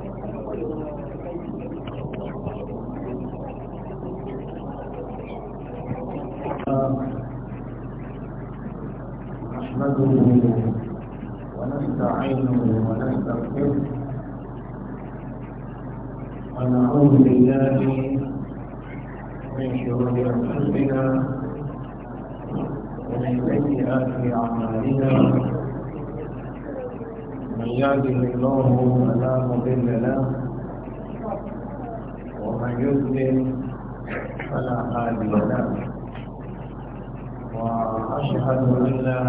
نحمده ونستعينه ونستغفره ونعوذ بالله من شرور انفسنا ومن سيئات اعمالنا من يهده الله فلا مضل له ومن يضلل فلا هادي له واشهد ان لا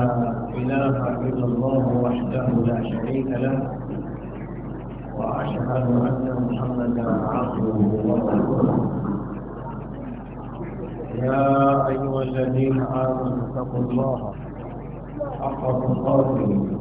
اله الا الله وحده لا شريك له واشهد ان محمدا عبده ورسوله يا أيها الذين آمنوا اتقوا الله حق تقاته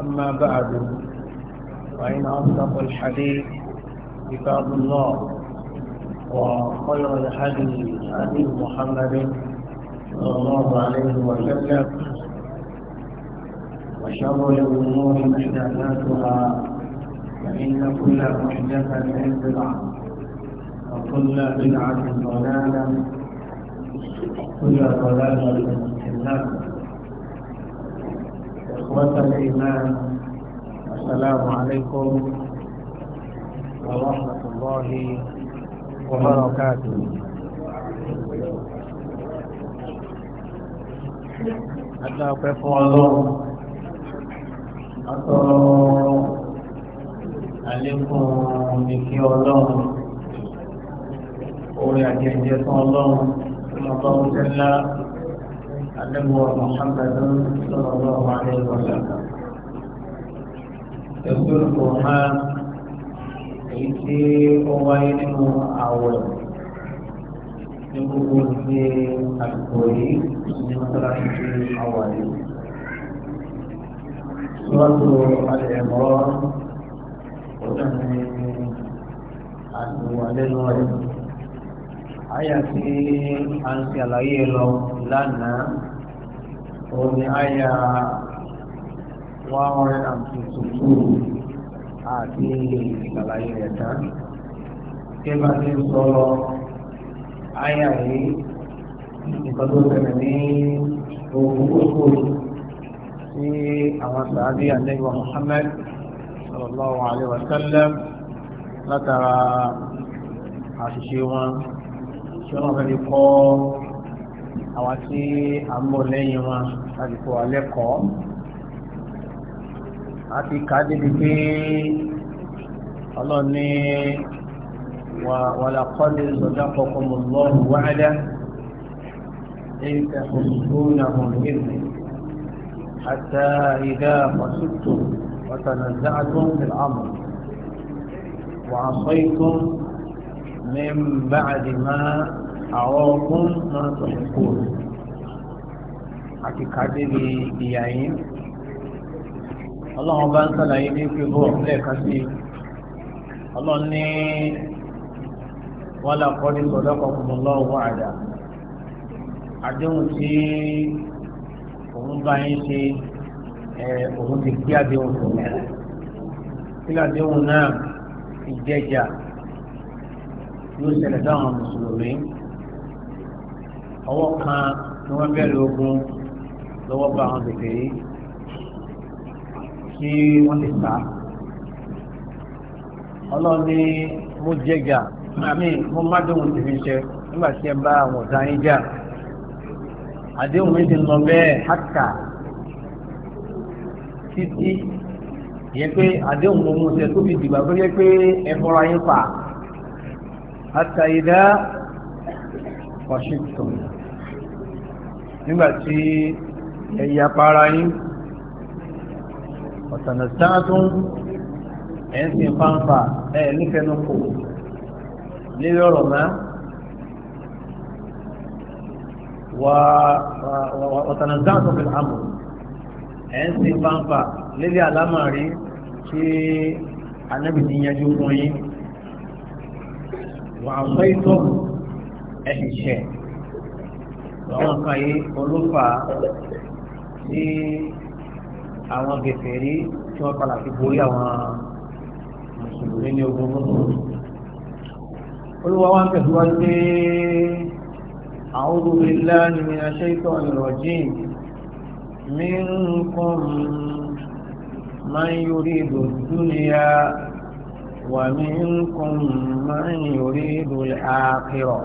أما بعد فإن أصدق الحديث كتاب الله وخير الحديث هدي محمد صلى الله عليه وسلم وشر الأمور محدثاتها فإن كل محدثة بدعة وكل بدعة ضلالة وكل ضلالة في النار إخوة الإيمان السلام عليكم ورحمة الله وبركاته حتى كيف الله أترى عليكم بكي الله orí àjẹjẹ fún الله ọmọ ọba نبوة محمد صلى الله عليه وسلم يقول القرآن إيتي أوين أول نقول في الكوري من ثلاثة أوائل سورة العمران وتنهي عن والد آية في عن سلايه لو لنا òun ni àyà one hundred and fifty two àti ìṣàlàyé rẹ̀ tán kí bá ti ń sọ àyà yìí nǹkan tó ṣẹlẹ̀ ní ogun kókó sí àwọn sàádé àlẹ́wà Muhammad sallallahu alayhi wa sallam látara àṣìṣe wọn ṣé wọn fẹ́ fi kọ́ àwa tí a mọ̀ lẹ́yìn wọn láti fọ alẹ́kọ̀ọ́ a ti kà á débi pé ọlọ́run ní wàlàkọ́lé sọ̀dá kọ̀ọ̀kan mọ̀ lọ́rùn wáyé إن تحسونهم بإذنه حتى إذا قصدتم وتنزعتم في الأمر وعصيتم من بعد ما àwọkún máa tọ̀ ẹ̀kọ́ àti kádébí ìyá yín ọlọ́run bá ń sàlàyé ní pípọ̀ lẹ́ẹ̀kan sí ọlọ́run ní wọ́n là kọ́ ní sọ̀dọ́kọ̀ fún lọ́wọ́ àdá àdéhùn tí òun bá yín ṣe òun ti gbé àdéhùn fún mi àdéhùn náà yóò ọwọ́ kan ni wọ́n bẹ̀rẹ̀ ogun lọ́wọ́ bá àwọn bèbè yìí tí wọ́n lè ta ọlọ́run ní mo jẹjà àmì mo má dóhun tèmi ṣe nígbà tí ẹ bá àwọn ọ̀tá yín jà àdéhùn mi ti lọ bẹ́ẹ̀ hàkà títí yẹ pé àdéhùn mo mú ṣe tó fi dìgbà tó yẹ pé ẹ fọra yín pa hàkà ìdá kọ̀ṣìtò nígbàtí ẹ̀yà para yín ọ̀sànà sáàtún ẹ̀ǹsìn fáńfà ẹ̀ nífẹ̀ẹ́nukù lérí ọ̀rọ̀ náà wà ọ̀sànà sáàtún fi àmọ̀ ẹ̀ǹsìn fáńfà lérí àlámàrí tí anábìtì yanjú fún yín wà ń fẹ́ ìtọ́ ẹ̀ṣẹ̀ àwọn kan yìí olúfà ní àwọn gẹ̀fẹ̀rí tí wọ́n padà fi borí àwọn mùsùlùmí ní ogun mùsùlùmí. olúwa wa ń tẹ̀síwájú pé a'udhu billahi minash shaytanir rajim minkum man yuridu ad-dunya wa minkum man yuridu al-akhirah.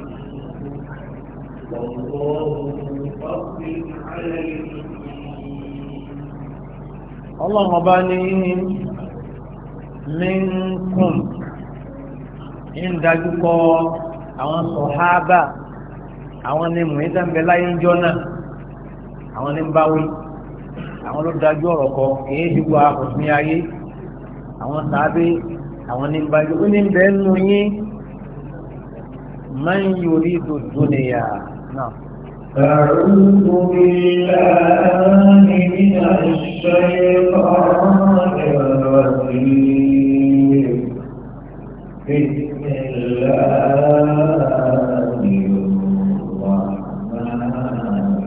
ọlọ́run ọba ní minkum ń dájú kọ àwọn sọ̀háábà àwọn ni mùsùlùmí ń jọ náà àwọn ni báwí àwọn ló ọ̀rọ̀ kọ èyí dìbò àkùnfin ayé àwọn sàábé àwọn ní báyìí ó ní bẹ́ẹ̀ nù yín man نعم. أعوذ بالله من الشيطان الرجيم بسم الله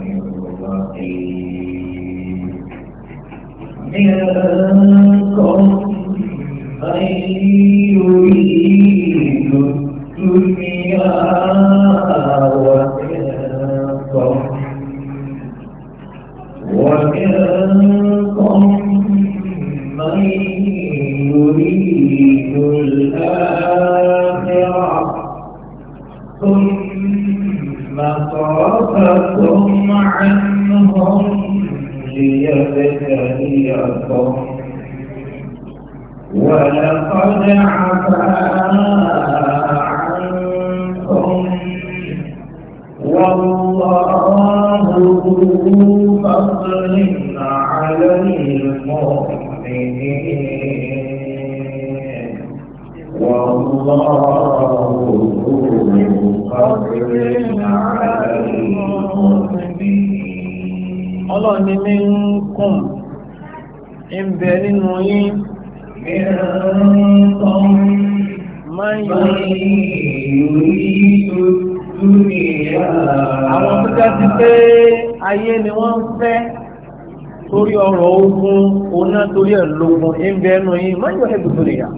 الرحيم منكم من يريد ayé ni wọ́n fẹ́ torí ọ̀rọ̀ ogun oná torí ẹ̀ lógun ìbẹ̀ ẹnu yìí má yọ̀ ẹ̀bùn torí yà.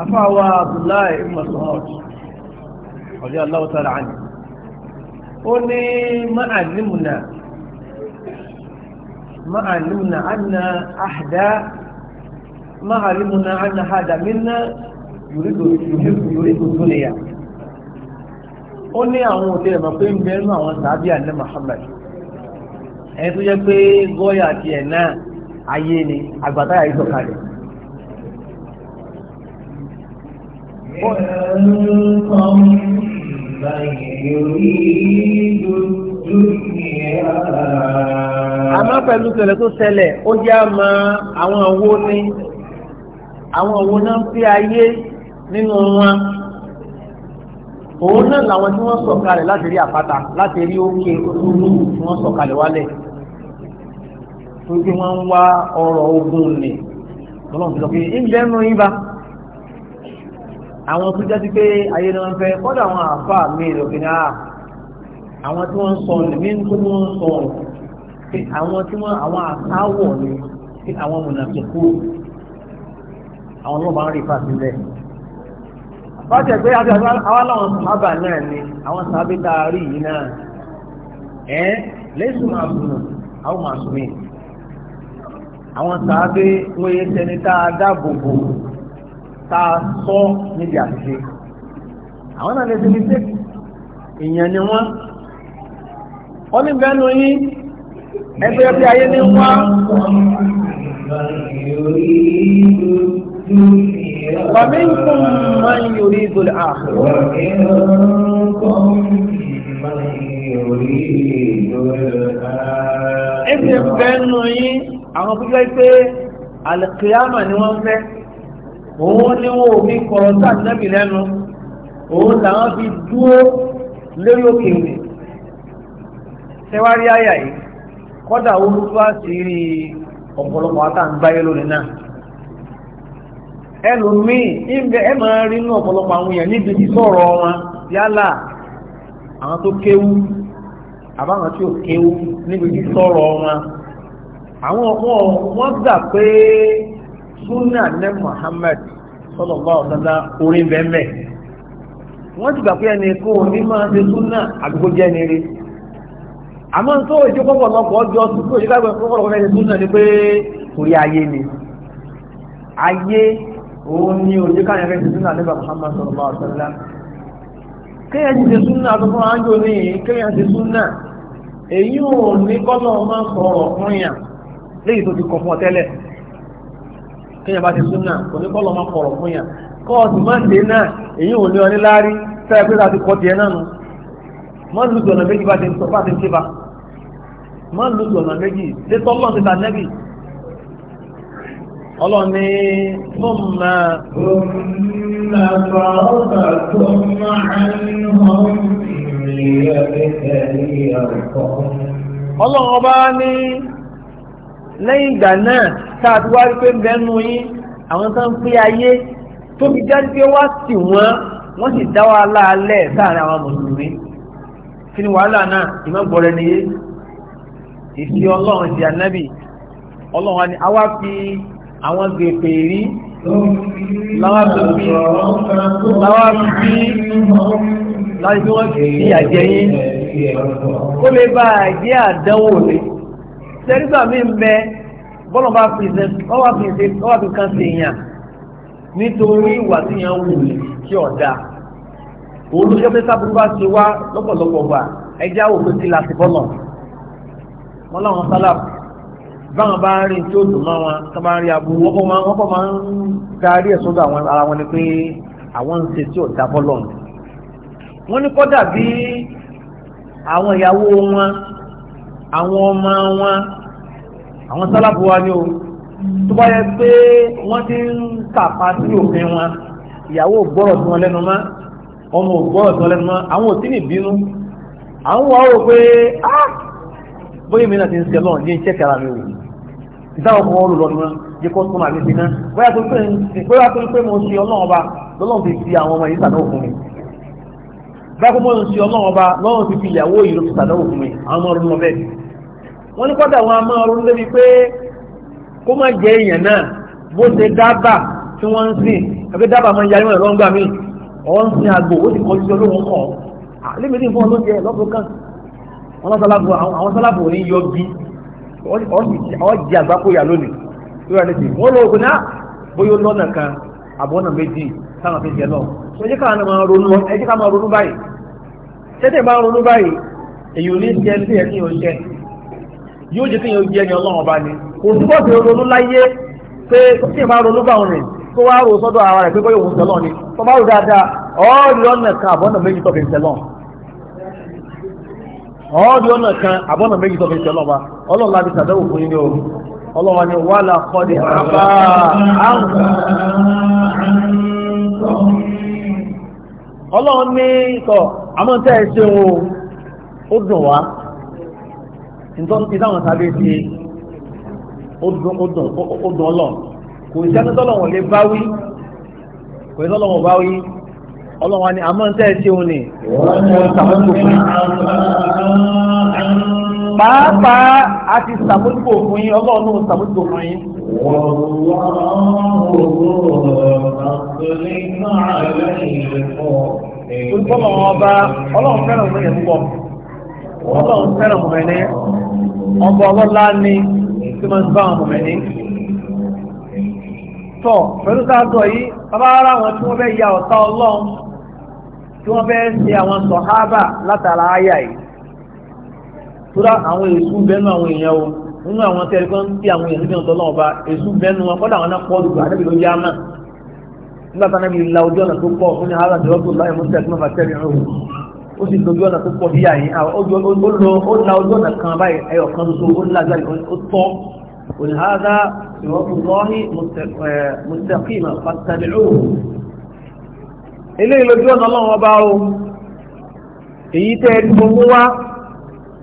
afáwa abdullahi masoud ọjọ́ aláwọ̀ sára ó ní máa nímùnà tó yà. ó ní àwọn òtí ẹ̀mọ̀ pé ń bẹ́ẹ̀ nú àwọn sàábì àná Muhammad ẹni tó jẹ́ pé gọ́yà àti ẹ̀ náà ayé ni àgbàtà yà ìsọ̀kalẹ̀. àmọ́ pẹ̀lú tẹ̀lẹ̀ tó ṣẹlẹ̀ ó jẹ́ àmọ́ àwọn owó ní àwọn owó náà fi ayé nínú wọn. òun náà làwọn tí wọ́n sọ̀kalẹ̀ láti rí àpáta láti rí òkè olúmú tí wọ́n sọ̀kalẹ̀ wálẹ̀ tó wọ́n ń wá ogun nì lọ́nà tó lọ pé ìgbẹ́ àwọn tó pé ayé ni wọ́n fẹ́ kọ́dọ̀ àwọn àfa mi lòkè ní àà àwọn tí wọ́n sọ ní mí tó wọ́n sọ pé àwọn tí wọ́n àwọn àkáwọ̀ ni pé àwọn mọ̀nà wọ́n tẹ̀ pé àwọn aláwọn sàábà náà ni àwọn sàábà tá a rí yìí náà ẹ̀ lẹ́sùn máa sùn àwọn máa sùn mí. àwọn sàábà wọ́n yẹ sẹ́ni tá a dáàbò bò tá a sọ níbi àṣìṣe. àwọn náà lè ṣe sẹ́kì ìyẹn ni wọ́n. ní yín ẹgbẹ́ bí ومنكم من يريد الآخرة ومنكم من يريد الآخرة إذن بينه àwọn tó jẹ́ pé alìkìyàmà ni wọ́n fẹ́ òun ni wọ́n ò fi kọ̀rọ̀ sáà nẹ́bì lẹ́nu òun làwọn fi dúró lórí òkè òní ṣẹ́wárí àyà yìí kọ́dà olùkọ́ àti rí ọ̀pọ̀lọpọ̀ àtàǹgbáyé lónìí náà ẹlòmíì ìbẹ ẹ máa rí inú ọ̀pọ̀lọpọ̀ àwọn èèyàn níbi ìsọ̀rọ̀ wọn yálà àwọn tó kéwú àbáwọn tí ò kéwú níbi ìsọ̀rọ̀ wọn àwọn ọmọ wọn gbà pé sunna ní Muhammad sallallahu alaihi wasallam orí bẹ́ẹ̀ wọ́n ti gbà pé ẹni kó o ní máa ṣe àdúgbò jẹ́ àmọ́ tó ìjọ pọ̀pọ̀lọpọ̀ ọjọ́ tó ìjọ pọ̀pọ̀lọpọ̀ ẹni ni pé orí ayé ni ayé òun ni òjé káyọ̀ fẹ́ ti súnà nígbà Muhammad sallallahu alaihi wasallam kéèyàn ti ṣe súnà tó fún ájò ní kéèyàn ti súnà èyí ò ní kọ́lọ̀ máa sọ̀rọ̀ fún yàn léyìí tó ti kọ̀ fún ọ tẹ́lẹ̀ kéèyàn bá ti súnà kò ní kọ́lọ̀ máa kọ̀rọ̀ fún yàn kọ́ọ̀sì máa ṣe náà èyí ò ní ọní láárí sẹ́yà pé láti kọ́ tiẹ̀ náà nu máa lùtù ọ̀nà méjì bá ti ń sọ bá ti ń ṣe bá máa lùtù ọ̀nà méjì létọ́ ọlọ́ni fúnmà fúnmà fọ́ọ̀tà ọlọ́run ọba ní lẹ́yìn ìgbà náà káàtó wá rí ń bẹ́nu yín àwọn tó ń pé ayé tó fi jáde pé wá sí wọn wọ́n sì dá wa láàlẹ́ sáàrin àwọn mùsùlùmí kí ni wàhálà náà ìmọ̀gbọ̀rẹ́ ìfi ọlọ́run ti ànábì ọlọ́run wa ni awa fi àwọn gbèpè rí láwá bí láti bí wọ́n fi àjẹ yín ó lè bá àjẹ́ àdánwò lé sẹ́rígbà mi ń bẹ bọ́lọ̀ bá fi ṣe ọwọ́ fi ṣe ọwọ́ fi kan ṣe èèyàn nítorí ìwà tí èèyàn wù lè kí ọ̀dà olùjọ́ pé sábúrú bá ṣe wá lọ́pọ̀lọpọ̀ gbà ẹjẹ́ àwòkọ́ sí láti bọ́lọ̀ wọn láwọn sálàpù báwọn bá ń rí tí ó dùn mọ́ wọn tó bá ń rí aburú wọ́n kọ́ máa wọ́n kọ́ máa ń darí ẹ̀ sọ́dọ̀ àwọn ara wọn ni pé àwọn ń ṣe tí ò dábọ́ lọ́nà wọ́n ní kọ́dà bí àwọn ìyàwó wọn àwọn ọmọ wọn àwọn sálàbù wa ni o tó bá yẹ pé wọ́n ti ń tàpá sí òfin wọn ìyàwó gbọ́rọ̀ sí wọn lẹ́nu mọ́ ọmọ ògbọ́rọ̀ sí wọn lẹ́nu mọ́ àwọn ò tí ì bínú àwọn wà ó pé ah! bóyá mi náà ti ń ṣe lọ́nà ní iṣẹ́ kára mi wò ìtàwọn kan ó lọ nìyẹn jẹ́ kó súnmọ́ àbí síná bóyá tó pé bóyá tó pé mo ń ṣe ọlọ́run ọba lọ́lọ́run fi fi àwọn ọmọ yìí sàdánwò fún mi bóyá tó mo ń ṣe ọlọ́run ọba lọ́lọ́run fi fi ìyàwó yìí ló fi fún mi àwọn ọmọ ọdún lọ bẹ́ẹ̀ ní kọ́dà wọn a máa ronú débi pé kó má jẹ èèyàn náà bó ṣe dábà tí wọ́n ń sìn àbí dábà máa ń yarí wọn lọ́ngbà míì ọ̀wọ́ ń sin àgbò ó sì ọ̀jì àgbákòyà lónìí lórí àlejò wọ́n lọ ògùn náà bóyá lọ́nà kan àbọ̀nà méjì táwọn fi jẹ náà ṣe jẹ́ káwọn máa ronú ẹ jẹ́ káwọn máa ronú báyìí tẹ́tẹ̀ máa ronú báyìí èyí ò ní jẹ ní ẹ̀ kí yóò jẹ yóò jẹ kí yóò jẹ ní ọlọ́run ọba ni kò túbọ̀ sí ronú láyé pé tí ìbá ronú bá òun rìn tó wá rò sọ́dọ̀ ara rẹ̀ pé bóyá òun sẹ́lọ̀ ni tó bá rò dáadáa ọ́ọ̀dì ọ̀nà kan àbọ̀nà méjì tó fi sẹ́lọ̀ ọ́ọ̀dì ọ̀nà kan àbọ̀nà méjì tó fi sẹ́lọ̀ wa ọlọ́run láti sàdánwò fún yín ní o ọlọ́run ni wà lákọ́dé àbá àrùn ọlọ́run ní ìtọ̀ àmọ́tẹ́ ẹ̀ṣẹ́ o ó dùn wá ìtàwọn sábẹ́ ti ó dùn ọlọ́run kò sí ẹni tọ́lọ́wọ̀n lè bá wí kò sí tọ́lọ́wọ̀n bá wí ọlọ́run ni àmọ́tẹ́ ẹ̀ṣẹ́ o ní wọ́n ń tàbí kò fún pàápàá a ti sàmójúkò fún yín ọlọ́run náà sàmójúkò fún yín. Olùkọ́mọ̀ ọba ọlọ́run fẹ́ràn òun yẹn pọ̀. Ọlọ́run fẹ́ràn òun ẹni. Ọba ọlọ́lá ni tí máa ń bá òun ẹni. Tọ́ pẹ̀lú sáàtọ̀ yìí, bàbá ara wọn tí wọ́n fẹ́ ya ọ̀tá ọlọ́run tí wọ́n fẹ́ ṣe àwọn sọ̀hábà látara áyà yìí tóra àwọn èṣù bẹ́nu àwọn èèyàn o nínú àwọn tẹ́lẹ̀ kan tí àwọn èèyàn síbi ọ̀tọ̀ náà ọba èṣù bẹ́nu wọn kọ́dà àwọn náà pọ̀ dùgbà anábì ló yá mà nígbà tá anábì la ojú ọ̀nà tó pọ̀ fún ní hàrà tí lọ́tò láyé mọ́tẹ́ tí wọ́n fà tẹ́lẹ̀ ọ̀hún ó sì lójú ọ̀nà tó pọ̀ bíyà yín ó la ojú ọ̀nà kan báyìí ẹyọ kan tuntun ó lágbàá ó tọ́ òní hàrà tí wọ́n fún lọ́hìn mustaqima fà èyí tẹ́ ẹni gbogbo wá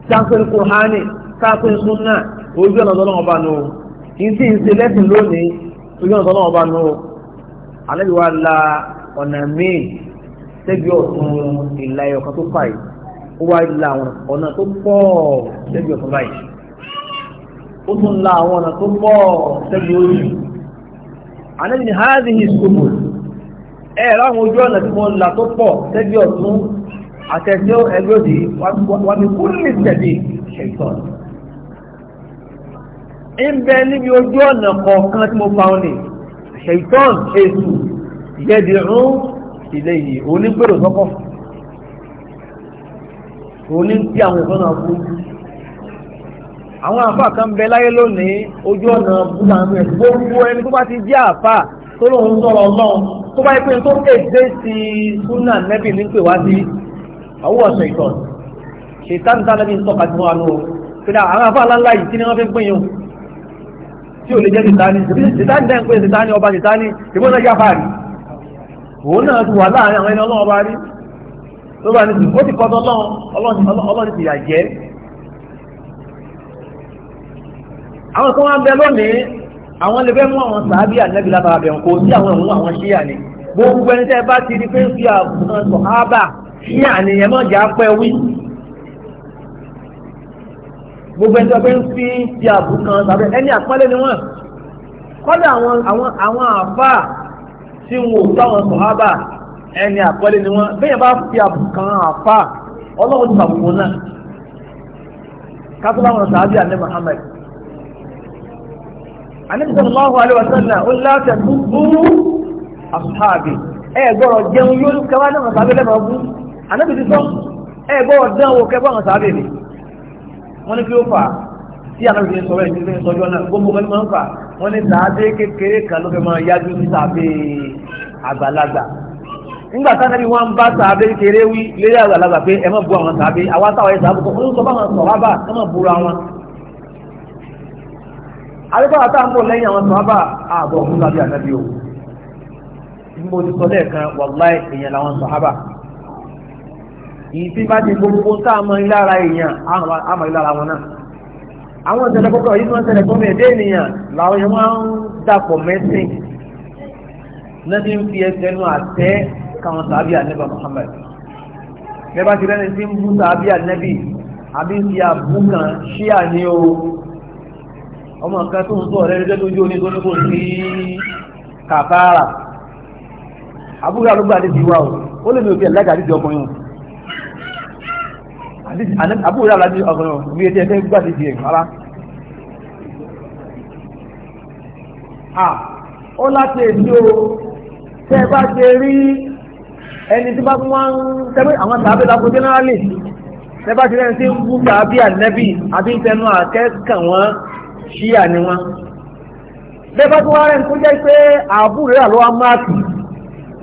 sáfẹ́ kuhani, sáfẹ́ súnà ojú ọ̀nà tọ́lọ́ ọba nù kì í sì ń ṣe lẹ́sìn lónìí ojú ọ̀nà tọ́lọ́ ọba nù alẹ́bí wa la ọ̀nà míì sẹ́bi ọ̀tún ìlà ẹ̀yọ̀ kan tó fà yìí ó wá la àwọn ọ̀nà tó pọ̀ sẹ́bi ọ̀tún báyìí ó tún la àwọn ọ̀nà tó pọ̀ sẹ́bi orí alẹ́bí ni hádìí ìṣòwò ẹ̀rọ àwọn ojú ọ̀nà tí wọ́n la tó pọ̀ sẹ́bi ọ̀tún àtẹ̀jọ́ ẹgbẹ́ òdì wà ní kúrò ní tẹ̀lé ṣẹ̀tọ́n ń bẹ níbi ojú ọ̀nà kọ̀ọ̀kan tí mo fa ọ́ ní ṣẹ̀tọ́n èṣù yẹ̀dì rún ilé yìí onígbèrò sọ́kọ̀ òní tí àwọn ìfọ́n náà kú àwọn àfà kan bẹ láyé lónìí ojú ọ̀nà búlà ń rẹ̀ gbogbo ẹni tó bá ti jẹ́ àfà tó lóun sọ̀rọ̀ ọlọ́run tó bá yẹ pé tó kéde sí súnà nẹ́bì ní wá sí àwọ̀ ṣètò ṣètàn tánàbí ń tọ́ka tí wọ́n lò pẹ̀lú àwọn afáàlá ńlá yìí tí ni wọ́n fi ń pín yìí tí ò lè jẹ́ ṣètàní ṣètàní dẹ́n pé ṣètàní ọba ṣètàní ìbọn náà yáfa rí òun náà ti wà láàrin àwọn ẹni ọlọ́run ọba rí ló bá ní ó ti kọ́tọ́ ọlọ́run ti yà jẹ́ àwọn tó wá ń bẹ lónìí àwọn lè fẹ́ mú àwọn sàábì ànábì látara bẹ̀rù kò sí àwọn ìwọ̀n àwọn ṣíyà ni gbogbo ẹni tẹ́ bá ti di pé ń fi àbùkàn sọ̀hábà tí àníyàn náà jà pẹ́ wí. gbogbo ẹjọ́ pé ń fi ti àbù kan tàbí ẹni àpọ́nlé ni wọ́n kọ́dà àwọn àwọn àwọn àfà tí wọn ò táwọn sọ̀hábà ẹni àpọ́nlé ni wọ́n bẹ́ẹ̀ bá fi àbù kan àfà ọlọ́run ti àbùkù náà kátó láwọn sàábì àní Muhammad anabi sallallahu alaihi wasallam o la ta tubu ashabi ẹ gbọ́dọ̀ jẹun yóò kábàdàn àtàbí lẹ́bàá bú ànábì ti sọ ẹ gbọ́dọ̀ dán owó kẹ́ bọ́ọ̀n sábẹ́ mi wọ́n ní kí ó fà á tí ànábì ti sọ̀rọ̀ ìdílé sọ́jọ́ náà gbogbo wọn ni máa ń fà wọ́n ní sàádé kékeré kan ló fẹ́ máa yájú ní sábẹ́ àgbàlagbà nígbà tánábì wọn bá sábẹ́ kékeré wí lérí àgbàlagbà pé ẹ má bu àwọn sábẹ́ àwa táwọn ẹ sábẹ́ kọ́ ó sọ báwọn sọ̀rọ̀ bá ẹ má bura wọn. àdébọ̀wá táwọn bò lẹ́yìn àwọn sọ̀rọ̀ àbọ̀ fún sábẹ́ ànábì o mo ti sọ lẹ́ẹ̀kan wàláì èèyàn èyí tí bá ti gbogbo tá a mọ ilára èèyàn a mọ ilára wọn náà àwọn ìṣẹ̀lẹ̀ kọ́kọ́ yìí tí wọ́n ṣẹlẹ̀ gómìnà èdè ènìyàn làwọn yẹn wọ́n ń dàpọ̀ mẹ́sìn náà ti ń fi ẹsẹ̀ nu àtẹ́ káwọn sàbíà nẹ́bà Muhammad nẹ́bà ti rẹ́ni tí ń bú sàbíà nẹ́bì àbí ti àbú kan ṣíà ní o ọmọ kan tó ń sọ ọ̀rẹ́ rẹ̀ tó ń jó ní tóní kò sí kàfàrà àbúrò àlùgbàdì ti wà o ó lè mi ò fi ẹ̀ lágàdì ti ọkùnrin o àbúrò rà láti ọ̀gbọ̀n bí etí ẹ̀fẹ́ gbà sí ẹ̀ rárá. ó láti èsì o tẹ́ ẹ bá ṣe rí ẹni tí bá wọ́n ń tẹ́wé àwọn tàbí lápò jẹ́nẹ́rálì tẹ́ bá ṣe rẹ́ni tí ń bú tàbí ànẹ́bì àbí ìtẹnu àkẹ́kàn wọn ṣíà ni wọn. bẹ́ẹ̀ bá tún wá rẹ̀ ń tó jẹ́ pé àbúrò rà máàkì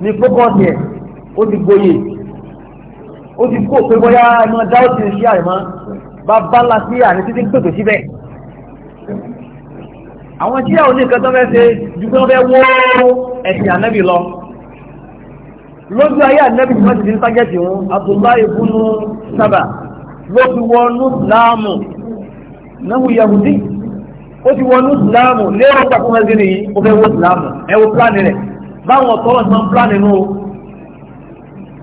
ní fókọ̀ọ̀tì ẹ̀ ó ti gboyè ó ti kó pé bóyá ẹnu ọjà ó ti ṣe àyẹ̀mọ́ bàbá ńlá sí àní títí ń pèpè síbẹ̀. àwọn tí àwọn oníkan tó fẹ́ ṣe ju pé wọ́n fẹ́ wó ẹ̀sìn ànábì lọ. lójú ayé ànábì tí wọ́n ti di ní tágẹ́tì wọn Abdullahi ibùnú sábà ló fi wọnú láàmù náà yahudi ó ti wọnú ìsìláàmù lérò pàtó wọn sí nìyí ó fẹ́ wọ ìsìláàmù ẹ wo pílánì rẹ̀ báwọn ọ̀tọ́ wọn ti máa ń pílánì nù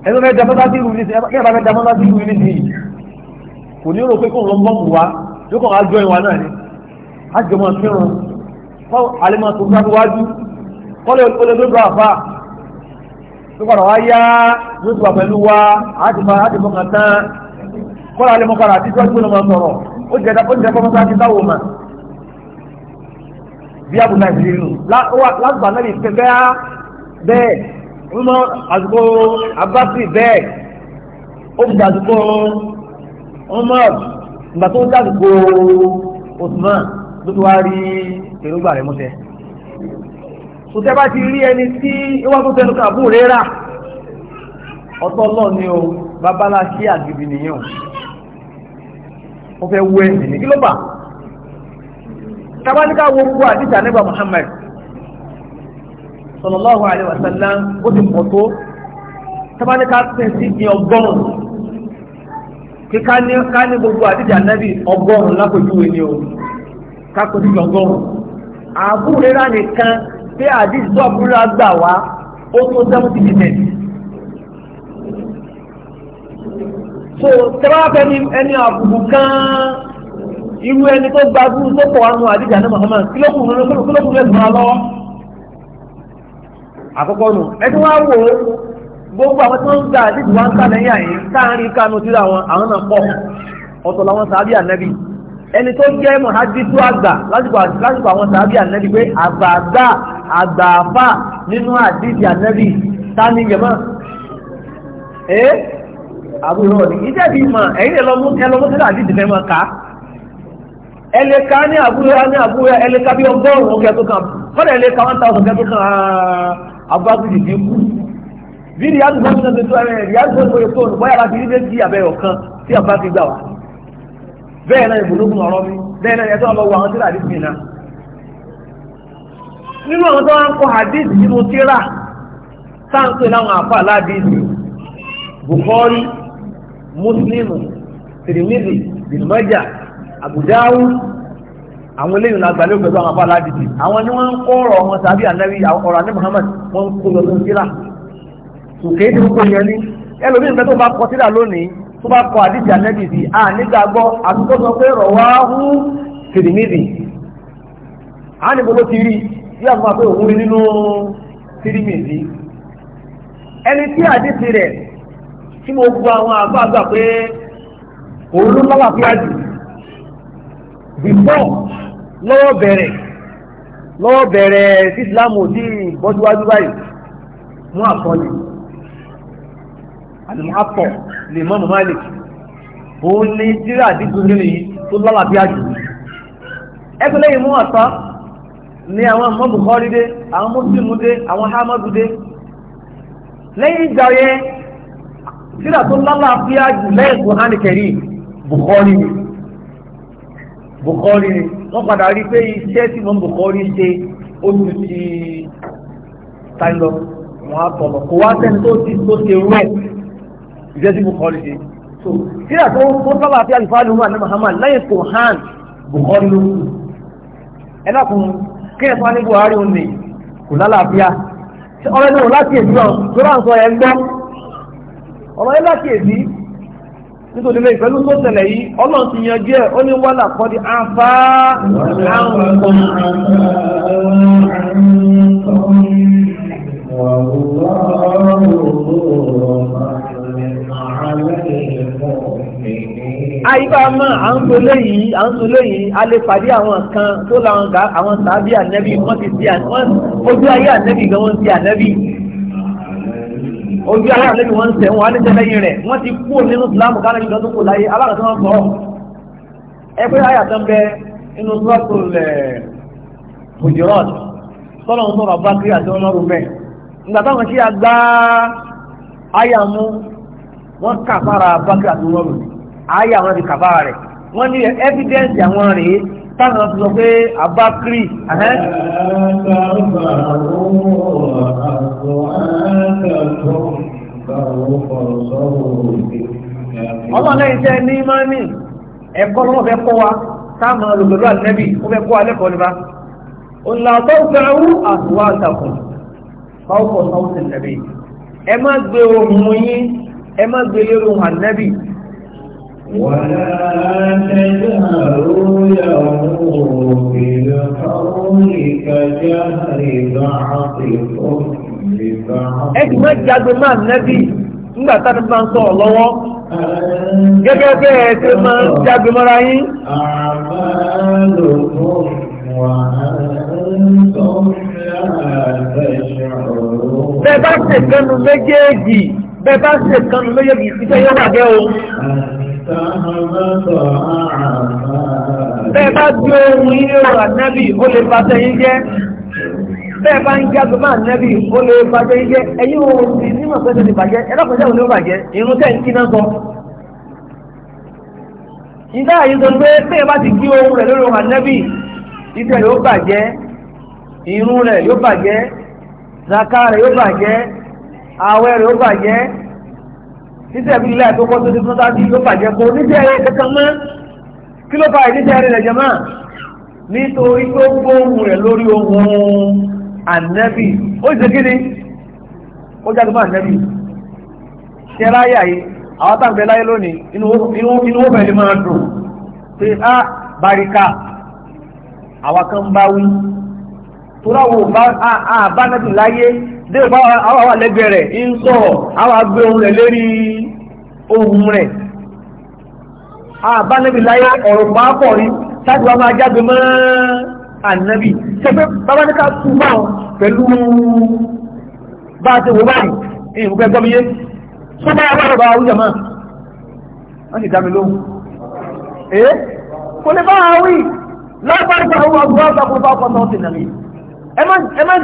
ẹnu mẹ́ta mọ́tà sí ìlú nísìnyí kí ẹ̀bá mẹ́ta mọ́tà sí ìlú nísìnyí kò ní rò pé kò ń lọ mọ́mù wa yóò kàn á jọ ìwà náà ni á jọ máa kírun kọ́ àlemọ́ tó gbá wájú kọ́lé O àfà tó padà wá yá yóò tó wà pẹ̀lú wa á ti fọkàn tán kọ́lé àlemọ́ padà àti tó gbóná máa sọ̀rọ̀ ó jẹ́ kọ́ mọ́tà sí táwọn mà bí abùdá ìdílé nù látùbà náà lè fẹ́ bẹ́ẹ̀ Umar àdúgbò Abasi bẹ́ẹ̀ ó fi àdúgbò Umar ìgbà tó ń dàdúgbò Usman ló ti wá rí èròǹgbà rẹ̀ múṣẹ. Sọtẹ́ bá ti rí ẹni tí wọ́n tó tẹnu kàbú rẹ̀ rà ọ̀tọ̀ náà ni o babalá sí àgbègbè nìyẹn o wọ́n fẹ́ wú ẹ̀sìn ní kí ló bà tábánikà wo gbogbo àdìsá nígbà Muhammad sallallahu alaihi ó ti pọ̀ tó tábánikà pín sí ní ọgọ́rùn kí ká ní gbogbo àdíjà ànábì ọgọ́rùn lápòjúwe ni o ká kó sí ọgọ́rùn-ún nìkan pé àdíjọ́ àbúrérà gbà wá ó tó seventy percent so tẹ́wàá ní ẹni àbùkù kan irú ẹni tó tó pọ̀ àwọn àdíjà náà lọ́wọ́ àkọ́kọ́ nù ẹtí wọ́n á wò ó gbogbo àwọn tó ń gbà títí wọ́n ń kà lẹ́yìn àyè káàrin kánú síra wọn àwọn náà pọ̀ ọ̀tọ̀ làwọn sàábì ànẹ́bì ẹni tó jẹ́ mọ̀hádìsú àgbà lásìkò àwọn sàábì ànẹ́bì pé àgbààgbà àgbààfà nínú àdìsí ànẹ́bì ta ni yẹ̀mọ́ ee àbúrò ni iṣẹ́ ti mọ̀ ẹ̀yin ẹlọmú sí àdìsí fẹ́ mọ̀ ká ẹlẹ́ka ní àbúrò ní àbúrò ẹlẹ́ka bí ọgọ́rùn-ún kẹ́tọ́ kan kọ́lẹ̀ ẹlẹ́ka one thousand kẹ́tọ́ kan áá abúlásìlì ní kú bí ríyájú sọ́dún náà tuntun ẹ̀rẹ́ ríyájú sọ́dún oye fóònù bóyá láti rí méjì àbẹ́ ọ̀kan tí àbá ti gbà wá bẹ́ẹ̀ náà ìbùdókùn ọ̀rọ̀ mi bẹ́ẹ̀ na ẹ̀sọ́ ọlọ́wọ́ àwọn tí láti sìn náà nínú àwọn tó wọ́n kọ hadith nínú tíra sáǹtò láwọn àfa aládìsì Bukhari Muslim Tirmidhi bin Majah àwọn eléyìí náà gbàlẹ́ pẹ̀lú àwọn afárá dìde àwọn ni wọ́n ń kọ́ ọ̀rọ̀ wọn tàbí ànábì ọ̀rọ̀ àní Muhammad wọ́n ń kó lọ sí sílà òkè tí gbogbo yẹn ní ẹlòmíì mẹ́tò bá kọ sílà lónìí tó bá kọ àdìsí ànábì sí à nígbà gbọ́ àtúntò sọ pé rọ̀ wá hú kìrìmìrì à ní gbogbo ti rí yíyá fún wa pé òun rí nínú kìrìmìrì ẹni tí àdìsí rẹ̀ tí mo gbọ́ àwọn àgbààgbà pé òun ló before lọ́wọ́ bẹ̀rẹ̀ lọ́wọ́ bẹ̀rẹ̀ tí ìsìláàmù tí bọ́júwájú báyìí mú àkọlù àlùmọ́pọ̀ lè mọ́mù Malik òun ni tíra àdígbò nílùú yìí tó lálàáfíà mú ni àwọn kọ́rí dé àwọn mọ́sílùmù dé àwọn hámọ́dù dé lẹ́yìn ìgbà yẹn tíra tó Bukhari ni wọ́n padà rí pé iṣẹ́ tí wọ́n Bukhari ṣe ó ti ti tayọ wọn á tọ̀nà kò wá sẹ́ni tó ti tó ṣe rẹ̀ iṣẹ́ tí Bukhari ṣe. so síra tó tó sábà fi àlùfáà lóhùn àná Muhammad lẹ́yìn kò hàn Bukhari ló kù ẹ lákùn kí ẹ fún wa ní Buhari òun ni kò lálàáfíà ọ̀rẹ́ ní òun láti èdè náà tó náà sọ ẹ̀ ń gbọ́ ọ̀rọ̀ ẹ̀ láti èdè nítorí lẹ́yìn pẹ̀lú tó tẹ̀lẹ̀ yìí ọlọ́run ti yanjú ẹ̀ ó ní wàhálà kọ́ di afá àwọn ọmọ. àyíká mọ́ à ń sọlé yìí à ń sọlé yìí a lè pàdé àwọn kan tó láwọn sàábì ànẹ́bí wọ́n ti di ànẹ́bí ojú ayé ànẹ́bí gan wọ́n ti ànẹ́bí. ojú ara lẹ́bi wọn ń sẹ̀ wọn alẹ́ lẹ́yìn rẹ̀ wọ́n ti kú nínú ìsìlámù kára ìjọ tó kù láyé alára tó wọ́n ẹ pé àyà tán bẹ inú sọ́ọ̀tù lẹ̀ Hujurat sọ́nà ń sọ̀rọ̀ bákìrì àti bẹ́ẹ̀ nígbà táwọn ṣe àgbá àyà mú kàfàrà bákìrì àti àyà wọn ti kàfàrà rẹ̀ wọ́n ní àwọn rèé táwọn ọ̀sán sọ pé abákírì ahẹ́. ọlọ́lẹ́yìn tẹ́ ní mọ́nì ẹ̀kọ́ ló fẹ́ kọ́ wa táwọn olùgbèlú àtẹ́bì ó fẹ́ kọ́ alẹ́ kọ́ nípa. ònlàtọ́ gbẹ̀rú àtúwà àtàkùn fáwọn ọ̀sán ó ti ẹ má gbé ohun yín ẹ má gbé lérò ohun àtẹ́bì. ولا تجهروا له بالقول كجهر بعضكم لبعض اجمد يا جماعه النبي nígbà tàbí máa ń sọ̀rọ̀ lọ́wọ́ gẹ́gẹ́ bẹ́ẹ̀ tí máa ń jágbe mọ́ra yín. bẹ́ẹ̀ bá ṣèkánu méjèèjì bẹ́ẹ̀ bá ṣèkánu méjèèjì iṣẹ́ yóò wà bẹ́ẹ̀ o. Bẹ́ẹ̀ bá gbé ohun ilé ọ̀rọ̀ ànábì ó lè bá tẹ́yìn jẹ́. Bẹ́ẹ̀ bá ń jágun máa nẹ́bì ó lè bá tẹ́yìn jẹ́. Ẹ̀yin ò sì nímọ̀ pé tẹ̀sí bàjẹ́, ẹ dákun sẹ́wọ̀n ló bàjẹ́, irun tẹ̀ ń kíná sọ. Ìdá yìí sọ pé bẹ́ẹ̀ bá ti gbé ohun rẹ̀ lórí ọ̀rọ̀ ànábì, iṣẹ́ rẹ̀ ó bàjẹ́, irun rẹ̀ yóò bàjẹ́, zaka rẹ̀ yóò bàjẹ́, àwẹ̀ rẹ̀ yóò bàjẹ́, títẹ̀ bí ilé àti ọkọ̀ tó ti fún sáà sí ló bàjẹ́ kó oníṣẹ́ rẹ̀ kankan mọ́ kí ló fa ìdíṣẹ́ rẹ̀ lẹ̀jẹ̀ mọ́ nítorí pé ó gbóhùn rẹ̀ lórí ohun ànẹ́bì ó ṣe kí ni ó jáde fún ànẹ́bì ṣe ráyè àyè àwọn táǹgbẹ́ láyé lónìí inú ó fẹ́ lè máa dùn pé á bàríkà àwọn kan bá wí tó láwọn àbánẹ́bì láyé dé òpá àwọn àwọn àlẹ́gbẹ̀ rẹ̀ ń sọ̀rọ̀ àwọn agbé ohun rẹ̀ lérí ohun rẹ̀ àbánẹ́bì láyé ọ̀rọ̀ pàápọ̀ rí láti wá máa jáde mọ́ ànábì ṣe pé bàbá ní ká kú bá wọn pẹ̀lú bá a ti wò báyìí ìhùn pẹ́ gbọ́míyé tó bá yàgbá rẹ̀ bá wújà máa wọ́n sì dá mi lóhùn èé kò lè bá àwọn wí lágbàdìgbà owó àgbà ọ̀gbà kò bá ọkọ̀ tó ti nà mí ẹ má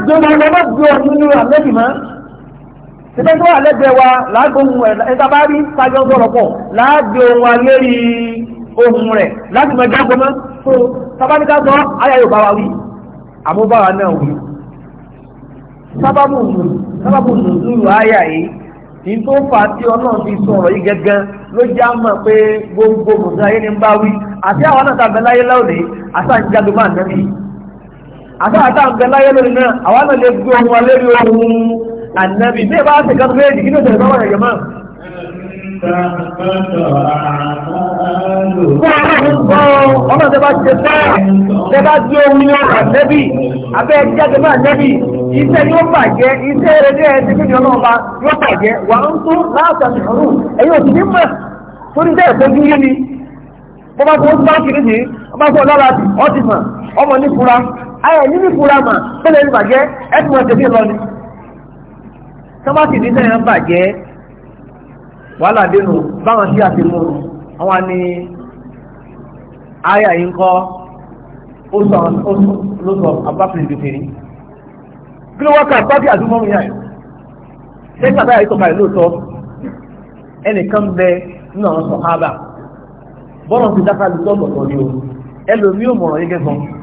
jẹ́ ọmọ ẹ má jẹ́ ọmọ nínú àlẹ́bì mọ́ síbẹ̀ tó wà lẹ́gbẹ̀ẹ́ wa láàgbé ohun rẹ̀ ẹ̀ta bá rí sájọ́ sọ̀rọ̀ pọ̀ láàgbé ohun alérí ohun rẹ̀ láti mọ̀ jágbó mọ́ tó sábàbíkà sọ ayé yóò bá wa wí àmúbáwa náà wí sábàbù sábàbù nùdúrù ayé yìí ní tó fà á tí ọlọ́run fi sọ̀rọ̀ yìí gẹ́gẹ́ ló já mọ̀ pé gbogbo mùsùlùmí ayé ni ń bá wí àti àwọn náà àtàwọn àtàwọn bẹ láyé lórí náà àwọn náà lè gbé ohun alérí ohun ànábì bí ẹ bá ṣe kan méjì kí ló ṣe ìfọwọ́ rẹ̀ ọmọ tẹ bá ṣe fẹ́ tẹ bá gbé ohun yẹn ànábì abẹ́ jáde bá ànábì iṣẹ́ yóò bàjẹ́ iṣẹ́ rẹ̀ ní ẹ̀ ti kéde yóò bàjẹ́ wà ń tún láàtàmì ọ̀rùn ẹ̀yìn òsì ní mọ̀ torí bẹ́ẹ̀ tó dúró ní. bó bá tó ń bá nìyí bó bá tó ọtí mọ̀ ọmọ ní fura ayẹ níbi ìfura mà tẹ́lẹ̀ ní bàjẹ́ ẹ ti mọ tẹ̀sí lọ ni sọ́mọ́tì ní sẹ́yìn ń bàjẹ́ wàhálà dénú báwọn sí àti mú àwọn ni ayẹ yìí ń kọ́ ó sọ ló sọ abáfin ìdòkèrè kí ló wá ká bá bí àdúgbò mi yàn ṣé kàtà yìí sọ̀kalẹ̀ lóòótọ́ ẹnìkan bẹ nínú àwọn sọ̀hábà bọ́lọ̀ ti dáká lọ́tọ̀ọ̀tọ̀ ni o ẹlòmíì ò mọ̀ràn yẹ́gẹ́ gan-an.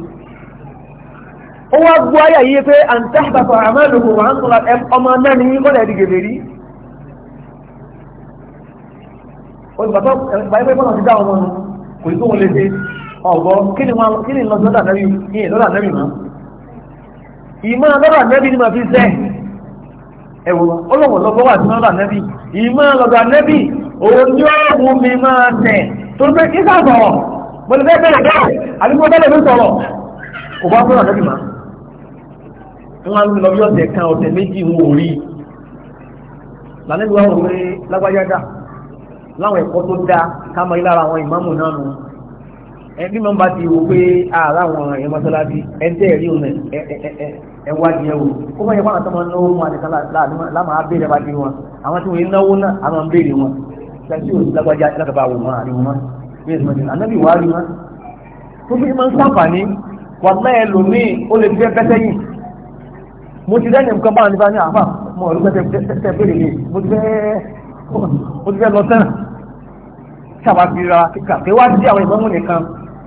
ó wá gbọ́ ayé yìí pé à ń tẹ́sítàfà àmàlùkù wà ń sọ̀rọ̀ ọmọ náà ní kọ́lẹ̀ ẹ̀dì gèlè rí. olùbàtọ́ báyìí pé bọ́lá ti dá ọmọ nù kò sí tóun lè ṣe ọ̀gọ́ kí ni lọ sí lọ́dà nẹ́bí yìí lọ́dà nẹ́bí mọ́. ìmọ̀ lọ́dà nẹ́bí ni màá fi sẹ́ ẹ̀wọ̀n ọlọ́wọ̀ lọ́gbọ́ wà sí lọ́dà nẹ́bí ìmọ̀ lọ́dà nẹ́bí òun ni wọ́n lọ bí ọ̀sẹ̀ kan ọ̀sẹ̀ méjì wọn ò rí i lànàbí wa wò pé lágbájá dà láwọn ẹ̀kọ́ tó dáa ká mọ ilára àwọn ìmáàmù náà nù ẹbí máa ń bá ti wò pé ààrá àwọn ẹ̀yẹ́ mọ́sálásí ẹ̀ńtẹ́ ẹ̀rí òun ẹ̀ wá di ẹ̀wò ó bá yẹ fún àwọn tó máa ń náwó wọn àti láàmú abéèrè bá di wọn àwọn tí wọ́n ń náwó náà àwọn ń béèrè wọn ṣàkíyèsí òsì lágbájá lágbàbá wò wọn àríwọ̀n wọn bí èsì mọ́tò ànábì wàá rí wọn tó fi máa ń sàǹfààní wàtá ẹlòmíì ó lè fi ẹ mo ti dẹ́nu nǹkan báwọn nípa ní àfà mo ò rí pẹ́ tẹ́bẹ̀rẹ̀ mo ti fẹ́ lọ sẹ́nà sábà fi ra kíkà pé wá sí àwọn ìmọ̀mù nìkan